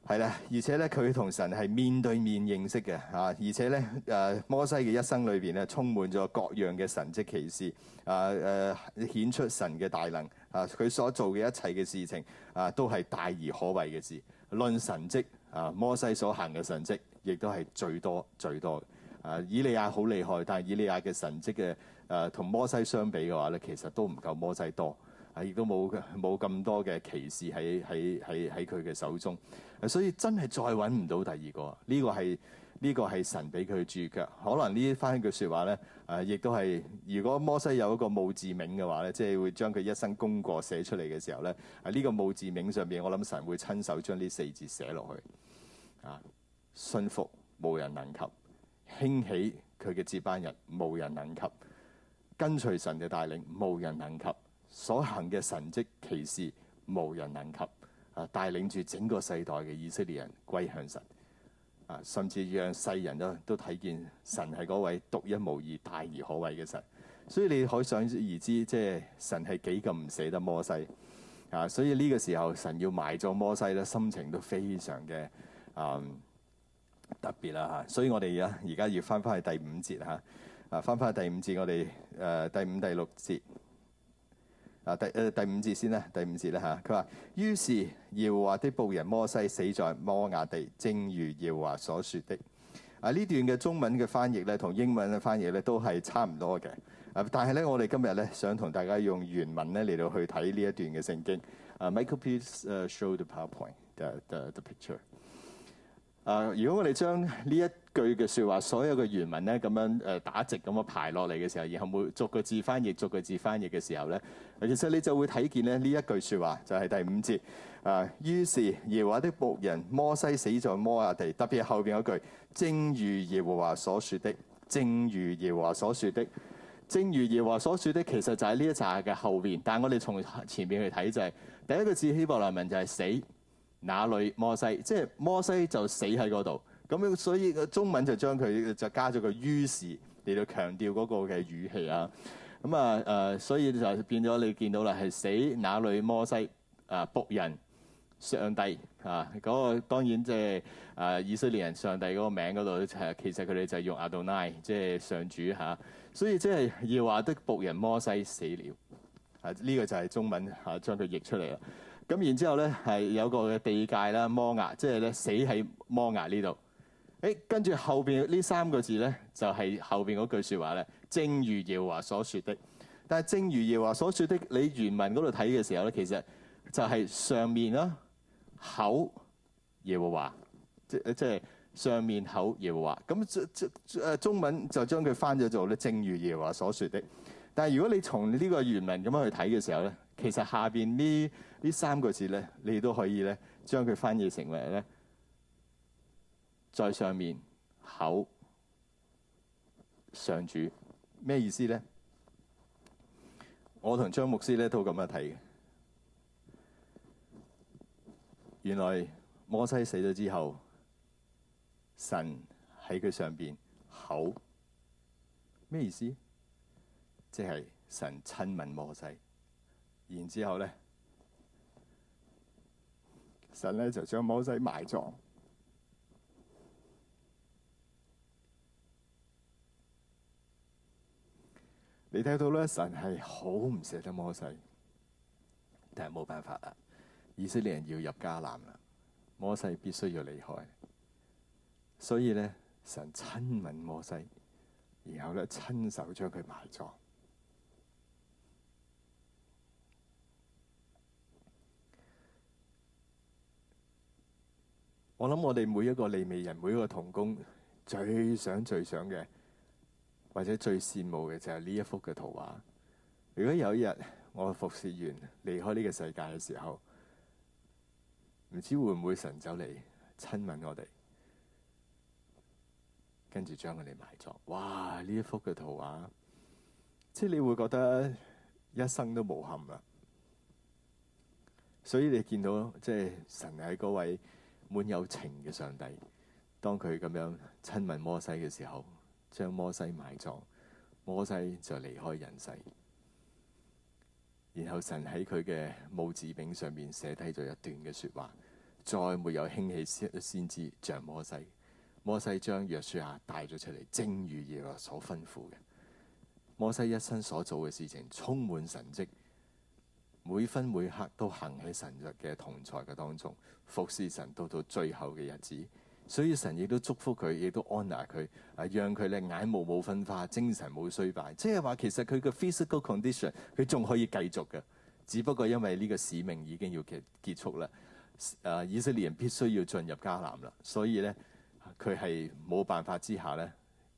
係啦，而且咧佢同神係面對面認識嘅嚇、啊，而且咧誒、啊、摩西嘅一生裏邊咧充滿咗各樣嘅神蹟奇事，誒、啊、誒、啊、顯出神嘅大能啊！佢所做嘅一切嘅事情啊，都係大而可畏嘅事。論神蹟啊，摩西所行嘅神蹟亦都係最多最多。誒、啊，以利亞好厲害，但係以利亞嘅神蹟嘅誒同摩西相比嘅話咧，其實都唔夠摩西多。亦都冇冇咁多嘅歧視喺喺喺喺佢嘅手中。所以真係再揾唔到第二個。呢、這個係呢、這個係神俾佢註腳。可能呢一翻句說話咧，誒，亦都係如果摩西有一個墓誌銘嘅話咧，即係會將佢一生功過寫出嚟嘅時候咧，喺、這、呢個墓誌銘上邊，我諗神會親手將呢四字寫落去啊。信服無人能及，興起佢嘅接班人無人能及，跟隨神嘅帶領無人能及。所行嘅神蹟奇事，無人能及啊！帶領住整個世代嘅以色列人歸向神啊，甚至讓世人都都睇見神係嗰位獨一無二、大而可畏嘅神。所以你可想而知，即係神係幾咁唔捨得摩西啊！所以呢個時候，神要埋咗摩西咧，心情都非常嘅啊、嗯、特別啦嚇。所以我哋而家而家要翻翻去第五節嚇啊，翻翻去第五節，我哋誒第五、第六節。啊，第誒、呃、第五節先啦，第五節啦嚇。佢、啊、話：於是，耶和華的僕人摩西死在摩亞地，正如耶和華所說的。啊，呢段嘅中文嘅翻譯咧，同英文嘅翻譯咧，都係差唔多嘅。啊，但係咧，我哋今日咧想同大家用原文咧嚟到去睇呢一段嘅聖經。啊、uh,，Michael please show the PowerPoint，the the, the picture。誒，如果我哋將呢一句嘅說話所有嘅原文咧，咁樣誒打直咁樣排落嚟嘅時候，然後每逐個字翻譯，逐個字翻譯嘅時候咧，其實你就會睇見咧，呢一句說話就係、是、第五節。誒、啊，於是耶和華的僕人摩西死在摩亞地。特別後邊嗰句，正如耶和華所說的，正如耶和華所說的，正如耶和華所說的、的，其實就喺呢一拃嘅後邊。但係我哋從前面去睇就係、是、第一個字希伯來文就係死。哪裏摩西，即係摩西就死喺嗰度。咁樣所以個中文就將佢就加咗個於是嚟到強調嗰個嘅語氣啊。咁啊誒，所以就變咗你見到啦，係死哪裏摩西啊？僕人上帝啊，嗰、那個當然即係誒以色列人上帝嗰個名嗰度，其實佢哋就用 Adonai，即係上主嚇、啊。所以即係要話的僕人摩西死了啊，呢、這個就係中文嚇、啊、將佢譯出嚟啦。咁然之後咧係有個嘅地界啦，摩押即係咧死喺摩押呢度。誒，跟住後邊呢三個字咧就係、是、後邊嗰句説話咧，正如耶和華所說的。但係正如耶和華所說的，你原文嗰度睇嘅時候咧，其實就係上面啦，口耶和華，即係即係上面口耶和華。咁中中誒中文就將佢翻咗做咧正如耶和華所說的。但係如果你從呢個原文咁樣去睇嘅時候咧，其實下邊呢呢三個字咧，你都可以咧將佢翻譯成為咧在上面口上主，咩意思咧？我同張牧師咧都咁樣睇嘅。原來摩西死咗之後，神喺佢上邊口，咩意思？即係神親吻摩西。然之後咧，神咧就將摩西埋葬。你睇到咧，神係好唔捨得摩西，但係冇辦法啦，以色列人要入迦南啦，摩西必須要離開。所以咧，神親吻摩西，然後咧親手將佢埋葬。我諗，我哋每一個利未人，每一個同工，最想、最想嘅，或者最羨慕嘅，就係呢一幅嘅圖畫。如果有一日我服侍完，離開呢個世界嘅時候，唔知會唔會神走嚟親吻我哋，跟住將佢哋埋葬。哇！呢一幅嘅圖畫，即係你會覺得一生都無憾啦。所以你見到即係神喺嗰位。滿有情嘅上帝，當佢咁樣親吻摩西嘅時候，將摩西埋葬，摩西就離開人世。然後神喺佢嘅墓誌銘上面寫低咗一段嘅說話，再沒有興起先先知像摩西。摩西將約書亞帶咗出嚟，正如耶和華所吩咐嘅。摩西一生所做嘅事情充滿神跡。每分每刻都行喺神嘅同在嘅當中，服侍神到到最後嘅日子，所以神亦都祝福佢，亦都安撫佢，啊，讓佢咧眼無冇昏花，精神冇衰敗，即係話其實佢嘅 physical condition 佢仲可以繼續嘅，只不過因為呢個使命已經要結結束啦，啊，以色列人必須要進入迦南啦，所以咧佢係冇辦法之下咧，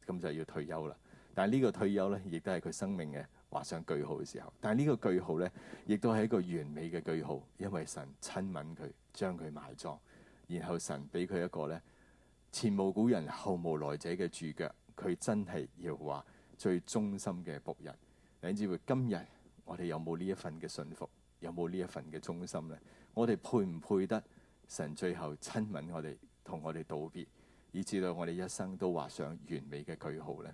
咁就要退休啦。但係呢個退休咧，亦都係佢生命嘅，畫上句號嘅時候，但係呢個句號呢，亦都係一個完美嘅句號，因為神親吻佢，將佢埋葬，然後神俾佢一個呢前無古人後無來者嘅註腳，佢真係要話最忠心嘅僕人。你知唔知今日我哋有冇呢一份嘅信服，有冇呢一份嘅忠心呢？我哋配唔配得神最後親吻我哋，同我哋道別，以至到我哋一生都畫上完美嘅句號呢？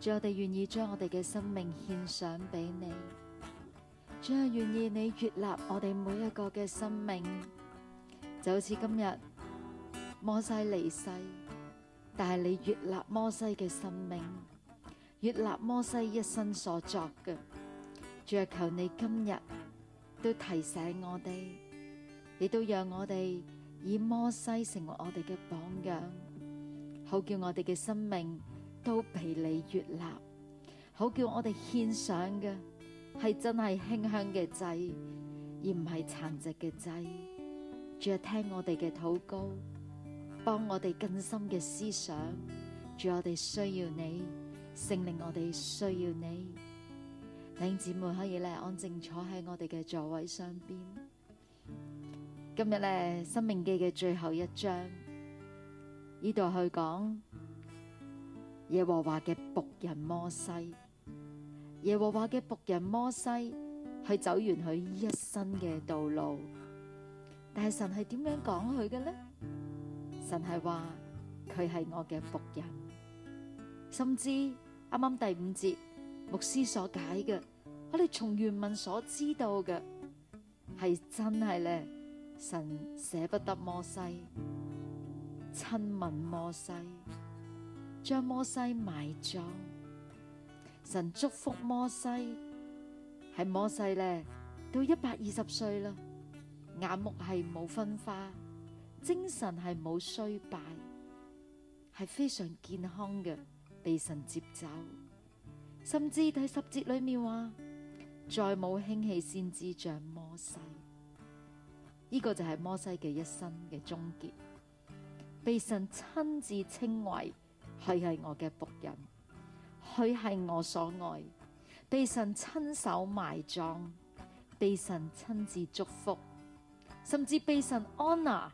主，我哋願意將我哋嘅生命獻上俾你。主啊，願意你悅納我哋每一個嘅生命，就好似今日摩西離世，但係你悅納摩西嘅生命，悅納摩西一生所作嘅。主啊，求你今日都提醒我哋，你都讓我哋以摩西成為我哋嘅榜樣，好叫我哋嘅生命都被你悅納，好叫我哋獻上嘅係真係馨香嘅祭，而唔係殘疾嘅祭。主啊，聽我哋嘅禱告，幫我哋更深嘅思想。主，我哋需要你，聖靈，我哋需要你。弟兄姊妹可以咧安靜坐喺我哋嘅座位上邊。今日咧《申命記》嘅最後一章，呢度去講。耶和華嘅僕人摩西，耶和華嘅僕人摩西係走完佢一生嘅道路，但係神係點樣講佢嘅呢？神係話佢係我嘅僕人，甚至啱啱第五節牧師所解嘅，我哋從原文所知道嘅係真係咧，神捨不得摩西，親吻摩西。將摩西埋葬，神祝福摩西，喺摩西呢，到一百二十歲啦，眼目係冇分花，精神係冇衰敗，係非常健康嘅，被神接走。甚至第十節裏面話，再冇興起先知像摩西，呢個就係摩西嘅一生嘅終結，被神親自稱為。佢係我嘅僕人，佢係我所愛，被神親手埋葬，被神親自祝福，甚至被神 honour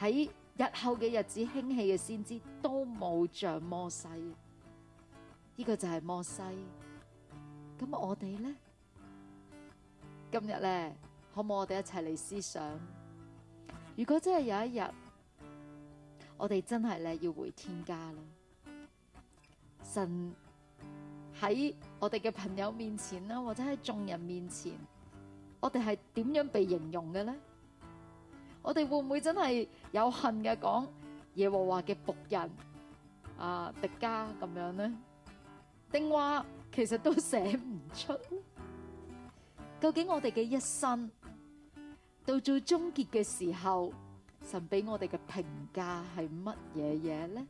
喺日後嘅日子興起嘅先知都冇像摩西，呢、這個就係摩西。咁我哋呢？今日咧，可唔可以我哋一齊嚟思想？如果真係有一日，我哋真係咧要回天家啦。神喺我哋嘅朋友面前啦，或者喺眾人面前，我哋係點樣被形容嘅呢？我哋會唔會真係有幸嘅講耶和華嘅僕人啊，敵家咁樣呢？定話其實都寫唔出。究竟我哋嘅一生到最終結嘅時候，神俾我哋嘅評價係乜嘢嘢呢？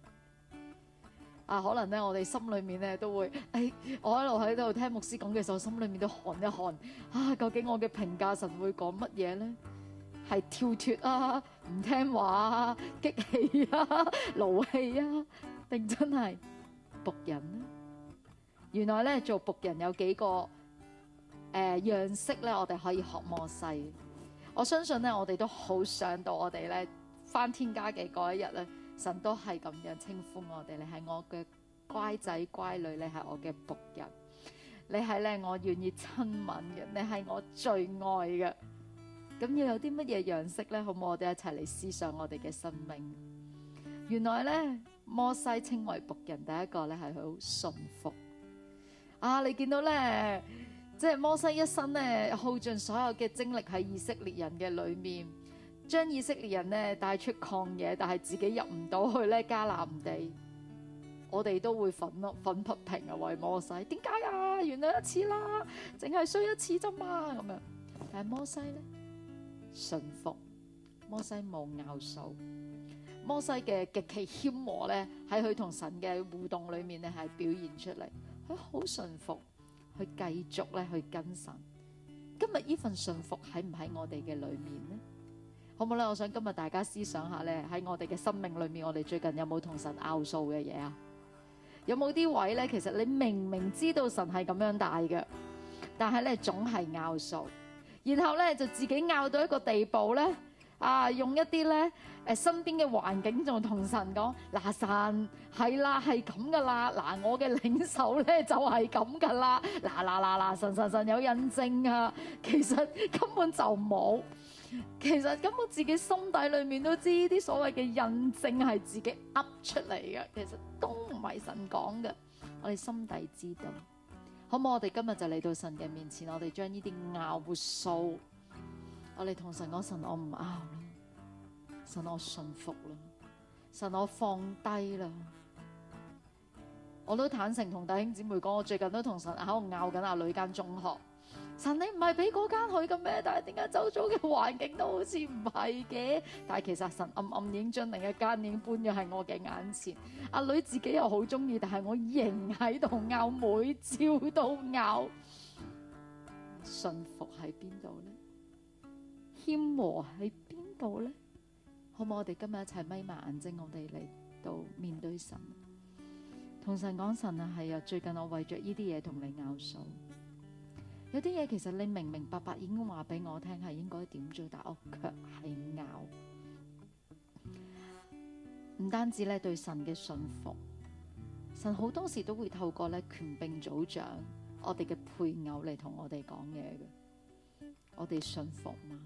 啊，可能咧，我哋心裏面咧都會，誒、哎，我一路喺度聽牧師講嘅時候，心裏面都寒一寒。啊，究竟我嘅評價神會講乜嘢咧？係跳脱啊，唔聽話啊，激氣啊，勞氣啊，定真係僕人咧？原來咧做僕人有幾個誒、呃、樣式咧，我哋可以學摩西。我相信咧，我哋都好想到我哋咧返天家嘅嗰一日咧。神都係咁樣稱呼我哋，你係我嘅乖仔乖女，你係我嘅僕人，你係咧我願意親吻嘅，你係我最愛嘅。咁要有啲乜嘢樣式咧？好唔好？我哋一齊嚟思想我哋嘅生命。原來咧，摩西稱為僕人第一個咧係佢好順服。啊，你見到咧，即係摩西一生咧耗盡所有嘅精力喺以色列人嘅裏面。將以色列人咧帶出曠野，但係自己入唔到去呢迦南地，我哋都會憤怒、憤不平啊！為摩西點解啊？原諒一次啦，淨係衰一次啫嘛咁樣。但係摩西呢，順服，摩西冇拗手，摩西嘅極其謙和呢，喺佢同神嘅互動裏面咧係表現出嚟，佢好順服，去繼續咧去跟神。今日呢份順服喺唔喺我哋嘅裏面呢？好唔好咧？我想今日大家思想下咧，喺我哋嘅生命裏面，我哋最近有冇同神拗數嘅嘢啊？有冇啲位咧？其實你明明知道神係咁樣大嘅，但係咧總係拗數，然後咧就自己拗到一個地步咧，啊用一啲咧誒身邊嘅環境，仲同神講嗱神係啦，係咁㗎啦，嗱我嘅領受咧就係咁㗎啦，嗱嗱嗱嗱神神神有印證啊，其實根本就冇。其實根本自己心底裏面都知呢啲所謂嘅印證係自己噏出嚟嘅，其實都唔係神講嘅。我哋心底知道，好唔好？我哋今日就嚟到神嘅面前，我哋將呢啲拗數，我哋同神講：神，我唔拗啦，神，我信服啦，神，我放低啦。我都坦誠同弟兄姊妹講，我最近都同神喺度拗緊阿女間中學。神，你唔係俾嗰間去嘅咩？但係點解周遭嘅環境都好似唔係嘅？但係其實神暗暗影將另一間影搬咗喺我嘅眼前。阿女自己又好中意，但係我仍喺度拗，每朝都拗。信服喺邊度呢？謙和喺邊度呢？好唔好？我哋今日一齊眯埋眼睛，我哋嚟到面對神，同神講：神啊，係啊，最近我為著呢啲嘢同你拗數。有啲嘢其實你明明白白已經話俾我聽係應該點做，但我卻係拗。唔單止咧對神嘅信服，神好多時都會透過咧權柄組長、我哋嘅配偶嚟同我哋講嘢嘅。我哋信服嗎？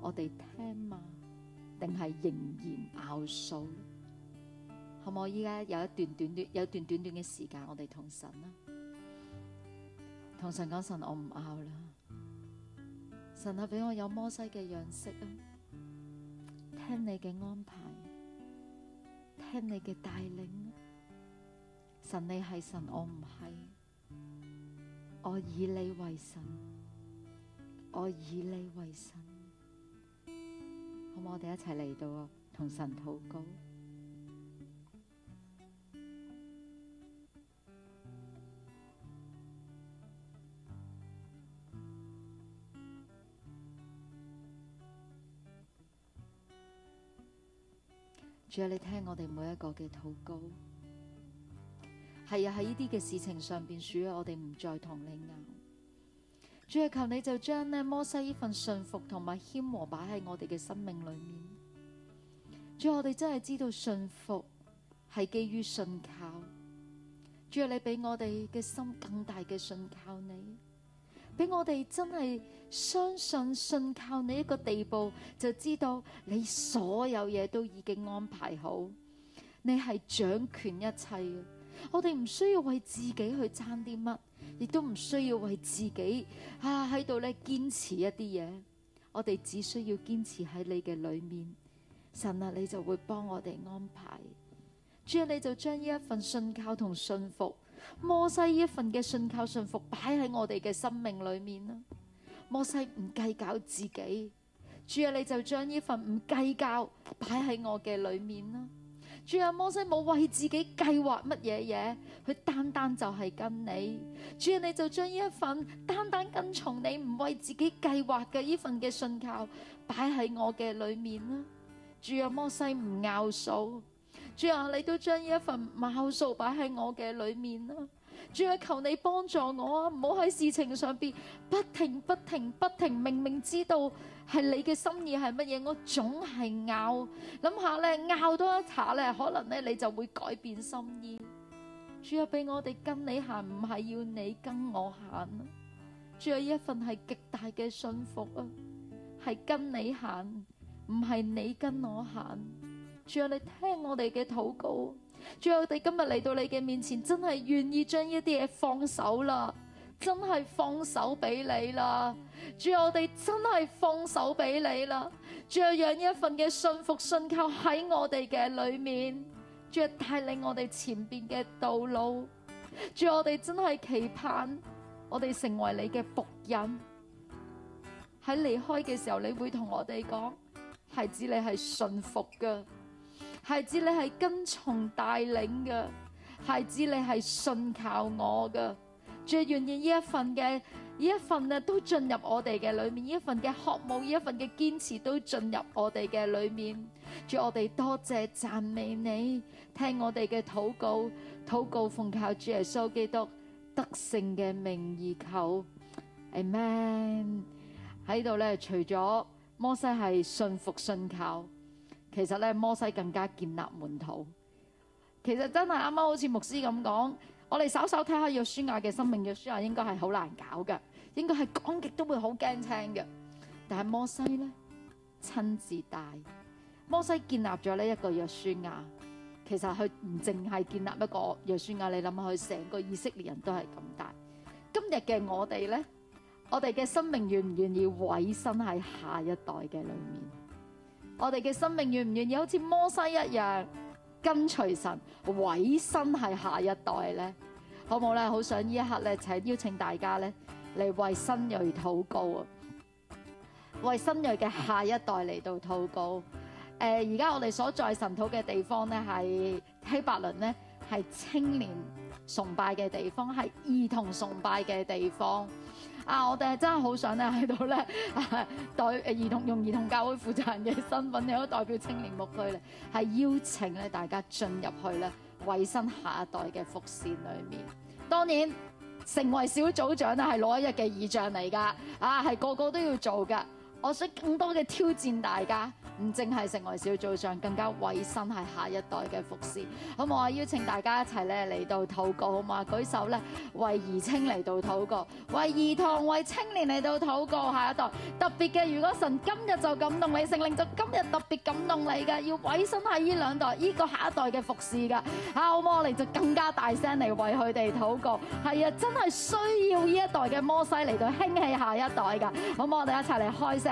我哋聽嗎？定係仍然拗數？可唔可以依家有一段短短，有一段短短嘅時間，我哋同神啊？同神講神，我唔拗啦。神啊，俾我有摩西嘅樣式啊，聽你嘅安排，聽你嘅帶領。神，你係神，我唔係，我以你為神，我以你為神，好唔好？我哋一齊嚟到同神禱告。主啊，你聽我哋每一個嘅禱告，係啊，喺呢啲嘅事情上邊，屬於我哋唔再同你拗。主啊，求你就將呢摩西呢份信服同埋謙和擺喺我哋嘅生命裏面。主啊，我哋真係知道信服係基於信靠。主啊，你俾我哋嘅心更大嘅信靠你。俾我哋真係相信信靠你一個地步，就知道你所有嘢都已經安排好，你係掌權一切嘅。我哋唔需要為自己去爭啲乜，亦都唔需要為自己啊喺度呢堅持一啲嘢，我哋只需要堅持喺你嘅裏面，神啊，你就會幫我哋安排。主啊，你就將呢一份信靠同信服。摩西呢一份嘅信靠、信服擺喺我哋嘅生命裏面啦。摩西唔計較自己，主啊，你就將呢份唔計較擺喺我嘅裏面啦。主啊，摩西冇為自己計劃乜嘢嘢，佢單單就係跟你。主啊，你就將呢一份單單跟從你、唔為自己計劃嘅依份嘅信靠擺喺我嘅裏面啦。主啊，摩西唔拗數。主啊，你都將呢一份咬數擺喺我嘅裏面啦、啊。主啊，啊、求你幫助我啊，唔好喺事情上邊不停不停不停。明明知道係你嘅心意係乜嘢，我總係拗諗下咧，拗多一下咧，可能咧你就會改變心意。主啊，俾我哋跟你行，唔係要你跟我行，啊。主啊，依一份係極大嘅信服啊，係跟你行，唔係你跟我行。仲有你聽我哋嘅禱告，仲有我哋今日嚟到你嘅面前，真係願意將一啲嘢放手啦，真係放手俾你啦。仲有我哋真係放手俾你啦。仲有讓一份嘅信服信靠喺我哋嘅裏面。仲有，帶領我哋前邊嘅道路。仲有我哋真係期盼我哋成為你嘅僕人。喺離開嘅時候，你會同我哋講，孩子，你係信服嘅。孩子，你係跟從帶領嘅；孩子，你係信靠我嘅。最願意呢一份嘅呢一份啊，都進入我哋嘅裏面；呢一份嘅渴慕，呢一份嘅堅持，都進入我哋嘅裏面。主，我哋多謝讚美你，聽我哋嘅禱告，禱告奉靠主耶穌基督得勝嘅名義求，阿門。喺度咧，除咗摩西係信服信靠。其實咧，摩西更加建立門徒。其實真係啱啱好似牧師咁講，我哋稍稍睇下約書亞嘅生命。約書亞應該係好難搞嘅，應該係講極都會好驚聽嘅。但係摩西咧，親自帶。摩西建立咗呢一個約書亞。其實佢唔淨係建立一個約書亞，你諗下佢成個以色列人都係咁大。今日嘅我哋咧，我哋嘅生命願唔願意毀身喺下一代嘅裡面？我哋嘅生命願唔願意好似摩西一樣跟隨神，委身係下一代咧，好唔好咧？好想呢一刻咧，請邀請大家咧嚟為新蕊禱告啊！為新蕊嘅下一代嚟到禱告。誒、呃，而家我哋所在神土嘅地方咧，係希伯倫咧，係青年崇拜嘅地方，係兒童崇拜嘅地方。啊！我哋係真係好想咧喺度咧，代誒兒童用兒童教會負責人嘅身份都 代表青年牧區咧，係邀請咧大家進入去咧衞生下一代嘅服侍裏面。當然，成為小組長咧係攞一日嘅意象嚟㗎，啊係個個都要做㗎。我想更多嘅挑戰大家，唔淨係成為小組長，更加委身係下一代嘅服侍。咁我啊邀請大家一齊咧嚟到禱告，好嗎？舉手咧為兒青嚟到禱告，為兒堂、為青年嚟到禱告。下一代特別嘅，如果神今日就感動你，聖靈就今日特別感動你嘅，要委身係呢兩代、呢、呢個下一代嘅服侍㗎、啊。好，我哋就更加大聲嚟為佢哋禱告。係啊，真係需要呢一代嘅摩西嚟到興起下一代㗎，好嗎？我哋一齊嚟開聲。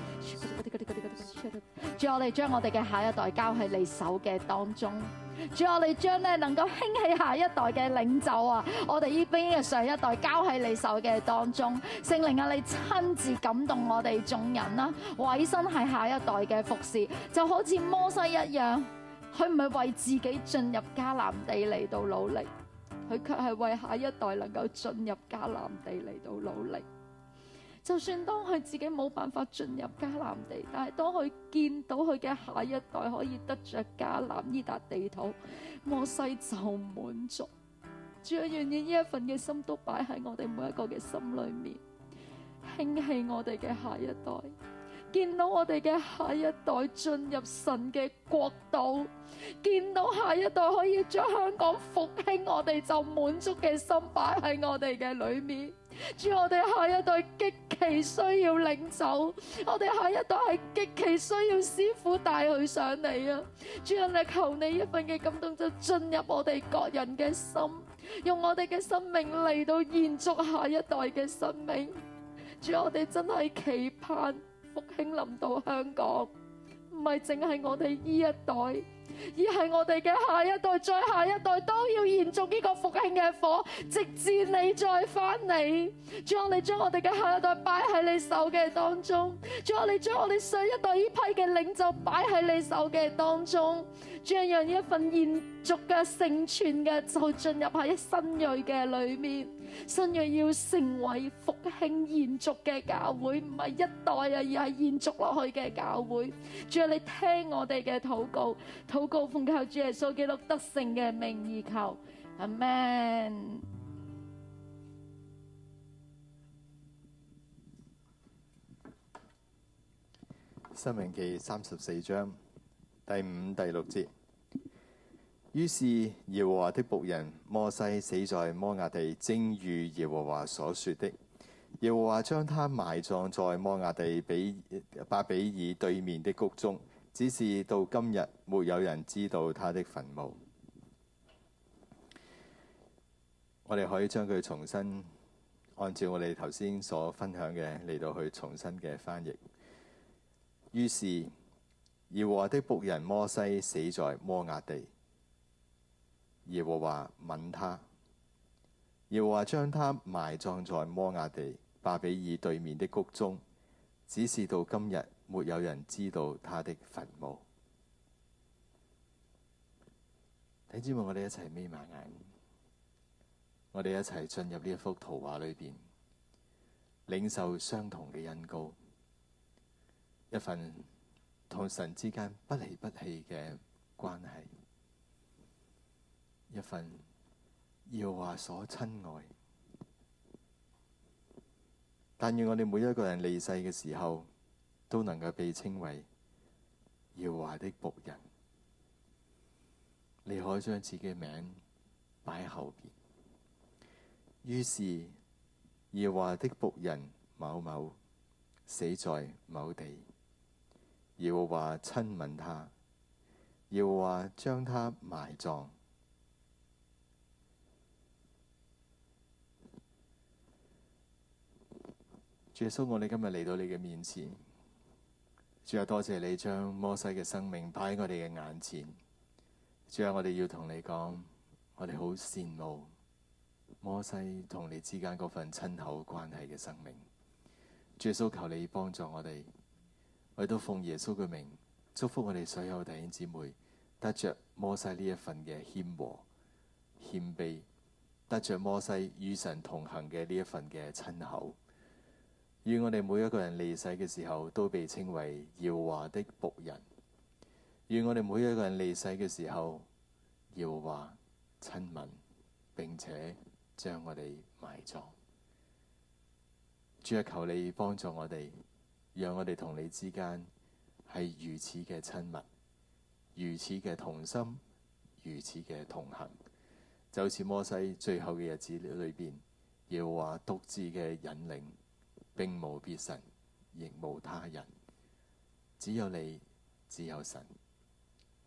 主，我哋將我哋嘅下一代交喺你手嘅當中。主我，我哋將咧能夠興起下一代嘅領袖啊，我哋呢邊嘅上一代交喺你手嘅當中。聖靈啊，你親自感動我哋眾人啦、啊，委身喺下一代嘅服侍，就好似摩西一樣，佢唔係為自己進入迦南地嚟到努力，佢卻係為下一代能夠進入迦南地嚟到努力。就算當佢自己冇辦法進入迦南地，但係當佢見到佢嘅下一代可以得着迦南呢笪地土，摩西就滿足。主，願意呢一份嘅心都擺喺我哋每一個嘅心裏面，興起我哋嘅下一代，見到我哋嘅下一代進入神嘅國度，見到下一代可以將香港復興，我哋就滿足嘅心擺喺我哋嘅裏面。主，我哋下一代極其需要領袖，我哋下一代係極其需要師傅帶佢上嚟啊！主啊，求你一份嘅感動就進入我哋各人嘅心，用我哋嘅生命嚟到延續下一代嘅生命。主，我哋真係期盼復興臨到香港。唔係淨係我哋呢一代，而係我哋嘅下一代、再下一代都要延續呢個復興嘅火，直至你再翻嚟。主啊，你將我哋嘅下一代擺喺你手嘅當中；主啊，你將我哋上一代呢批嘅領袖擺喺你手嘅當中。主啊，讓呢一份延續嘅、承傳嘅，就進入下一新銳嘅裏面。新約要成為復興延續嘅教會，唔係一代啊，而係延續落去嘅教會。主啊，你聽我哋嘅禱告，禱告奉靠主耶穌基督得勝嘅名義求，阿門。申命記三十四章第五、第六節。於是，耶和華的僕人摩西死在摩亞地，正如耶和華所說的。耶和華將他埋葬在摩亞地比巴比爾對面的谷中，只是到今日沒有人知道他的墳墓。我哋可以將佢重新按照我哋頭先所分享嘅，嚟到去重新嘅翻譯。於是，耶和華的僕人摩西死在摩亞地。耶和華吻他，耶和華將他埋葬在摩亞地巴比爾對面的谷中，只是到今日沒有人知道他的墳墓。弟兄們，我哋一齊眯埋眼，我哋一齊進入呢一幅圖畫裏邊，領受相同嘅恩膏，一份同神之間不離不棄嘅關係。一份耀華所親愛，但願我哋每一個人離世嘅時候都能夠被稱為耀華的僕人。你可以將自己嘅名擺喺後邊，於是耀華的僕人某某死在某地，耀華親吻他，耀華將他埋葬。耶穌，我哋今日嚟到你嘅面前，主啊，多謝你將摩西嘅生命擺喺我哋嘅眼前。主啊，我哋要同你講，我哋好羨慕摩西同你之間嗰份親口關係嘅生命。主耶穌，求你幫助我哋，我哋都奉耶穌嘅名祝福我哋所有弟兄姊妹，得着摩西呢一份嘅謙和謙卑，得着摩西與神同行嘅呢一份嘅親口。願我哋每一個人離世嘅時候都被稱為耀華的僕人。願我哋每一個人離世嘅時候，耀華親吻，並且將我哋埋葬。主啊，求你幫助我哋，讓我哋同你之間係如此嘅親密，如此嘅同心，如此嘅同行，就好似摩西最後嘅日子裏邊，耀華獨自嘅引領。並無別神，亦無他人，只有你，只有神。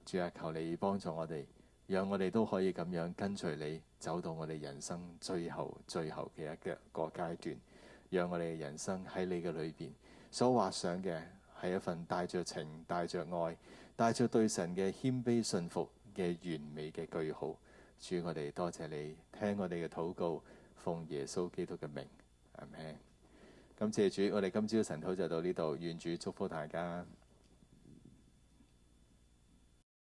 主啊，求你幫助我哋，讓我哋都可以咁樣跟隨你，走到我哋人生最後最後嘅一個個階段。讓我哋嘅人生喺你嘅裏邊所畫上嘅係一份帶着情、帶着愛、帶着對神嘅謙卑信服嘅完美嘅句號。主，我哋多謝你聽我哋嘅禱告，奉耶穌基督嘅名，阿門。感謝主，我哋今朝嘅晨禱就到呢度，願主祝福大家。